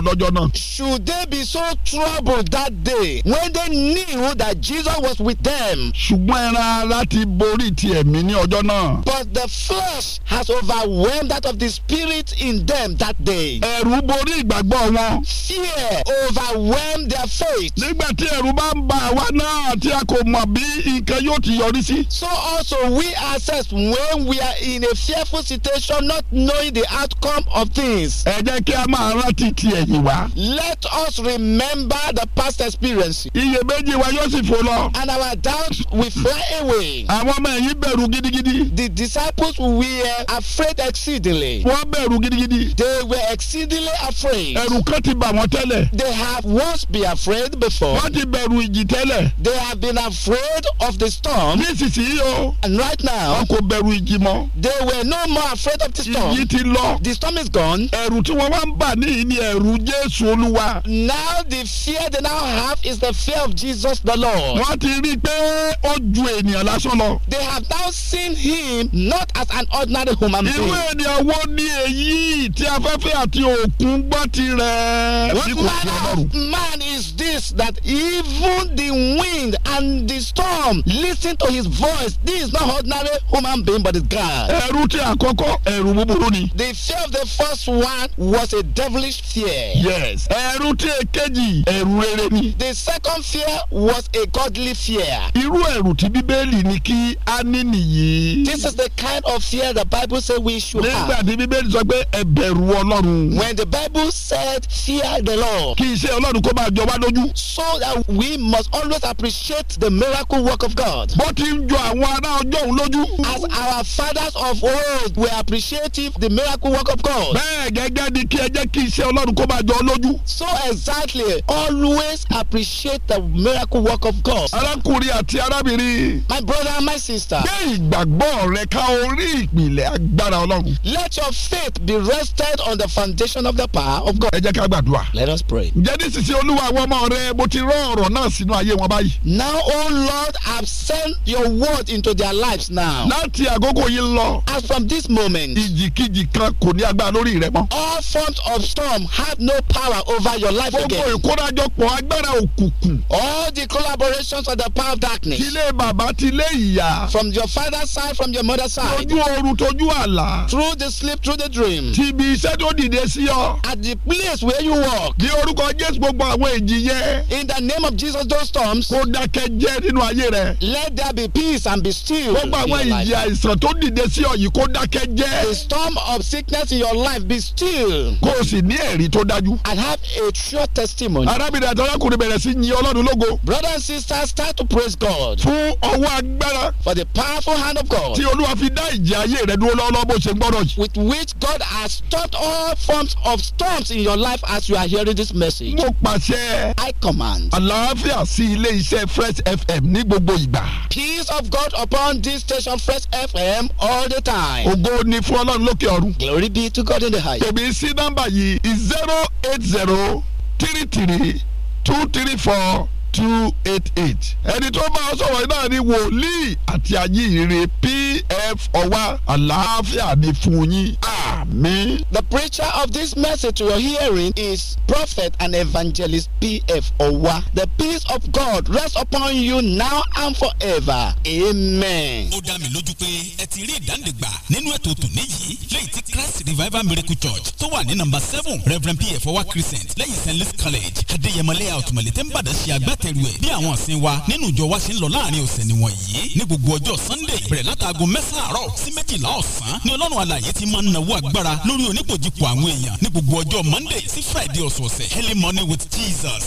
lọ́jọ́ náà? Should they be so troubled? trouble that day when they knew that Jesus was with them. ṣùgbọ́n ẹran ara ti borí ti ẹ̀mí ní ọjọ́ náà. but the flesh has overwhelmed that of the spirit in them that day. ẹ̀rù borí ìgbàgbọ́ wọn. fear overwhelmed their faith. nígbà tí ẹ̀rù bá ń ba àwa náà tí a kò mọ̀ bí nǹkan yóò ti yọrí sí. so also we assess when we are in a fearful situation not knowing the outcome of things. ẹ jẹ́ kí a máa rántí ti ẹ̀yìn wá. let us remember had the past experience. wa yóò sì fò lọ. and our doubts will fly away. àwọn ọmọ ẹ̀yìn bẹ̀rù gidigidi. the disciples were afraid exceedingly. wọ́n bẹ̀rù gidigidi. they were exceedingly afraid. ẹ̀rù kan ti bà wọ́n tẹ́lẹ̀. they have once been afraid before. wọ́n ti bẹ̀rù ìjì tẹ́lẹ̀. they have been afraid of the storm. nísinsìnyí o. and right now. wọn kò bẹ̀rù ìjì mọ́. they were no more afraid of the storm. ìjì ti lọ. the storm is gone. ẹ̀rù tí wọ́n wá ń bà ẹ̀rù Jésù Olúwa. now the fear fear they now have is the fear of Jesus the Lord. Wọ́n ti rí pé ó ju ènìyàn lásán lọ. They have now seen him not as an ordinary human being. Irú ènìyàn wo ni èyí tí afẹ́fẹ́ àti òkun gbọ́ ti rẹ̀? What manner of man is this that even the wind and the storm listen to his voice? This is not ordinary human being but it's God. Ẹ̀rù ti àkọ́kọ́ ẹ̀rù búburú ni. The fear of the first one was a devilish fear. Yes. Ẹ̀rù ti èkejì ẹ̀rù rere ni. The second fear was a godly fear. Irú ẹ̀rù tí Bíbélì ní kí a ní nìyí. This is the kind of fear the Bible say we should have. Nígbà tí Bíbélì sọ pé ẹ Ọlọ́run. When the Bible said fear the Lord. Kí iṣẹ́ Ọlọ́run kó máa jọ wá lójú. So that we must always appreciate the miracle work of God. Bó ti ń jọ àwọn ará ọjọ́ òun lójú. As our fathers of old were appreciative the miracle work of God. Bẹ́ẹ̀ gẹ́gẹ́ ni kí ẹ jẹ́ kí iṣẹ́ Ọlọ́run kó máa jọ lójú. So exactly all always appreciate the miracle work of God. arákùnrin àti arábìnrin. my brother and my sister. gbé ìgbàgbọ́ rẹ ká orí ìpìlẹ̀ agbára ọlọ́run. let your faith be rested on the foundation of the power of God. ẹ jẹ́ ká gbàdúrà. let us pray. ǹjẹ́ olúwa àwọn ọmọ rẹ mo ti rán ọ̀rọ̀ náà sínú ayé wọn báyìí. now o lord have sent your word into their lives now. láti yìí lọ. as from this moment. ìjìkìjì kan kò ní agbára lórí rẹ mọ́. all forms of storm have no power over your life again. gbogbo ìkórajọ àjọpọ̀ agbára òkùnkùn. all the collaborations of the power of darkness. tilé bàbá tilé ìyá. from your father side from your mother side. lójú oorun tójú àlá. through the sleep through the dream. ti ibi iṣẹ́ tó dìde sí ọ. at the place where you work. ní orúkọ Jésù gbogbo àwọn èjì in the name of Jesus those storms. kó dákẹ́ jẹ́ nínú ayé rẹ. let there be peace and be still. gbogbo àwọn ìjì àìsàn tó dìde sí ọ yìí kó dákẹ́ jẹ́. the storm of sickness in your life be still. kó o sì ní ẹ̀rí tó dájú. and have a sure testimony. ara arábìnrin àti bẹ̀rẹ̀ sí yin ọlọ́run lógo. brothers and sisters start to praise God. fún ọwọ́ agbára. for the powerful hand of God. tí olúwa fi dá ìjì ayé rẹ dúró lọ́wọ́lọ́wọ́ bó ṣe gbọ́dọ̀ yìí. with which God has stopped all forms of storms in your life as you are hearing this message. mo pàṣẹ. I command. àlàáfíà sí ilé iṣẹ́ Fresh FM ní gbogbo ìgbà. peace of God upon this station Fresh FM all the time. ògo ni fún ọlọ́run lókè ọ̀run. glory be to God in the highest. tèmi sí nọ́mbà yìí zero eight zero three three two three four two eight eight ẹni tó bá ọ sọ̀rọ̀ náà ni wòlíì àti ayé ire pf ọwá àlàáfíà ni fún yín. Ah. Amen. The preacher of this message to your hearing is Prophet and Evangelist P.F. Owa. The peace of God rests upon you now and forever. Amen. Ó dá mi lójú pé ẹ ti rí ìdánilẹ́gbà nínú ètò tòní yìí lẹ́yìn tí Christ Revival Miracle Church tó wà ní nọ́mbà seven Reverend P.F. Owa Crescent lẹ́yìn St. Louis College Adéyẹmọlẹ́ Àtùmọ̀lẹ́ tẹ́ ń bàdá ṣe agbátẹrù ẹ̀ bí àwọn ọ̀sìn wa nínú ìjọ wa ṣe ń lọ láàrin ọ̀sẹ̀ nìwọ̀nyí ní gbogbo ọjọ́ Sunday bẹ̀rẹ̀ látàgò mẹ́sàn-án àárọ̀ sí méjìlá ọ̀sán ni Ọlọ́run alààyè ti máa ń nawó àg agbára lórí oníkòjìkò àwọn èèyàn ní gbogbo ọjọ́ Monday sí Friday ọ̀sọ̀ọ̀sẹ̀ early morning with Jesus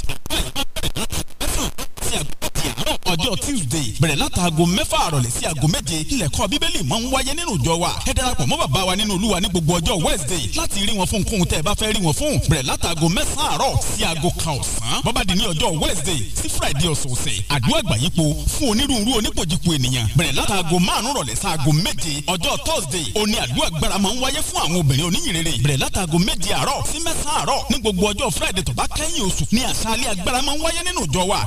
àárọ̀ ọjọ́ tuesday bẹ̀rẹ̀ látàgò mẹ́fà àrọ̀lẹ̀ sí àgò méje ilẹ̀kọ́ bíbélì máa ń wáyé nínú ìjọ wa ẹ darapọ̀ mọ́ bàbá wa nínú olúwa ní gbogbo ọjọ́ wednesday láti rí wọn fún nkóhun tẹ́ ẹ bá fẹ́ rí wọn fún bẹ̀rẹ̀ látàgò mẹ́sàn-án àárọ̀ sí àgò kan ọ̀sán bọ́bá di ní ọjọ́ wednesday sí friday ọ̀sọ̀ọ̀sẹ̀ àdúrà gbàyípo fún onírúurú onípojìpo ènìyàn bẹ̀rẹ̀ látàgò márùn rọ̀lẹ́ sáàgò méje thursday òní àdúrà gbára máa ń wáyé fún àwọn obìnrin oníyìnrere bẹ̀rẹ̀ látàgò méje àárọ̀ sí mẹ́sàn-án àárọ̀ friday tó bá kẹ́yìn oṣù ní àṣálẹ́ agbára máa ń wáyé nínú ìjọ wa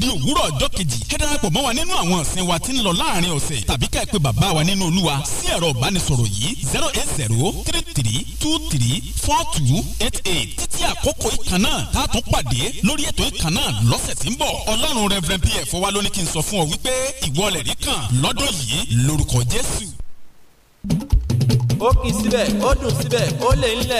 di òwúrọ̀ ọjọ́ kejì kẹ́ darapọ̀ mọ́ wa nínú àwọn ọ̀sìn wa tí ń lọ láàrin ọ̀sẹ̀ tàbí ká ẹ pè bàbá wa nínú olúwa sí ẹ̀rọ ìbánisọ̀rọ̀ yìí zero eight zero three three two three four two eight eight títí àkókò ìkan náà tá a tún pàdé lórí ètò ìkan náà lọ́sẹ̀ tí ń bọ̀ ọlọ́run reverend pf wa ló ní kí n sọ fún ọ wípé ìwọ lẹ̀ rí kan lọ́dún yìí lórúkọ jésù. ó kì í síbẹ̀ ó dùn síbẹ̀ ó lè ń lẹ̀.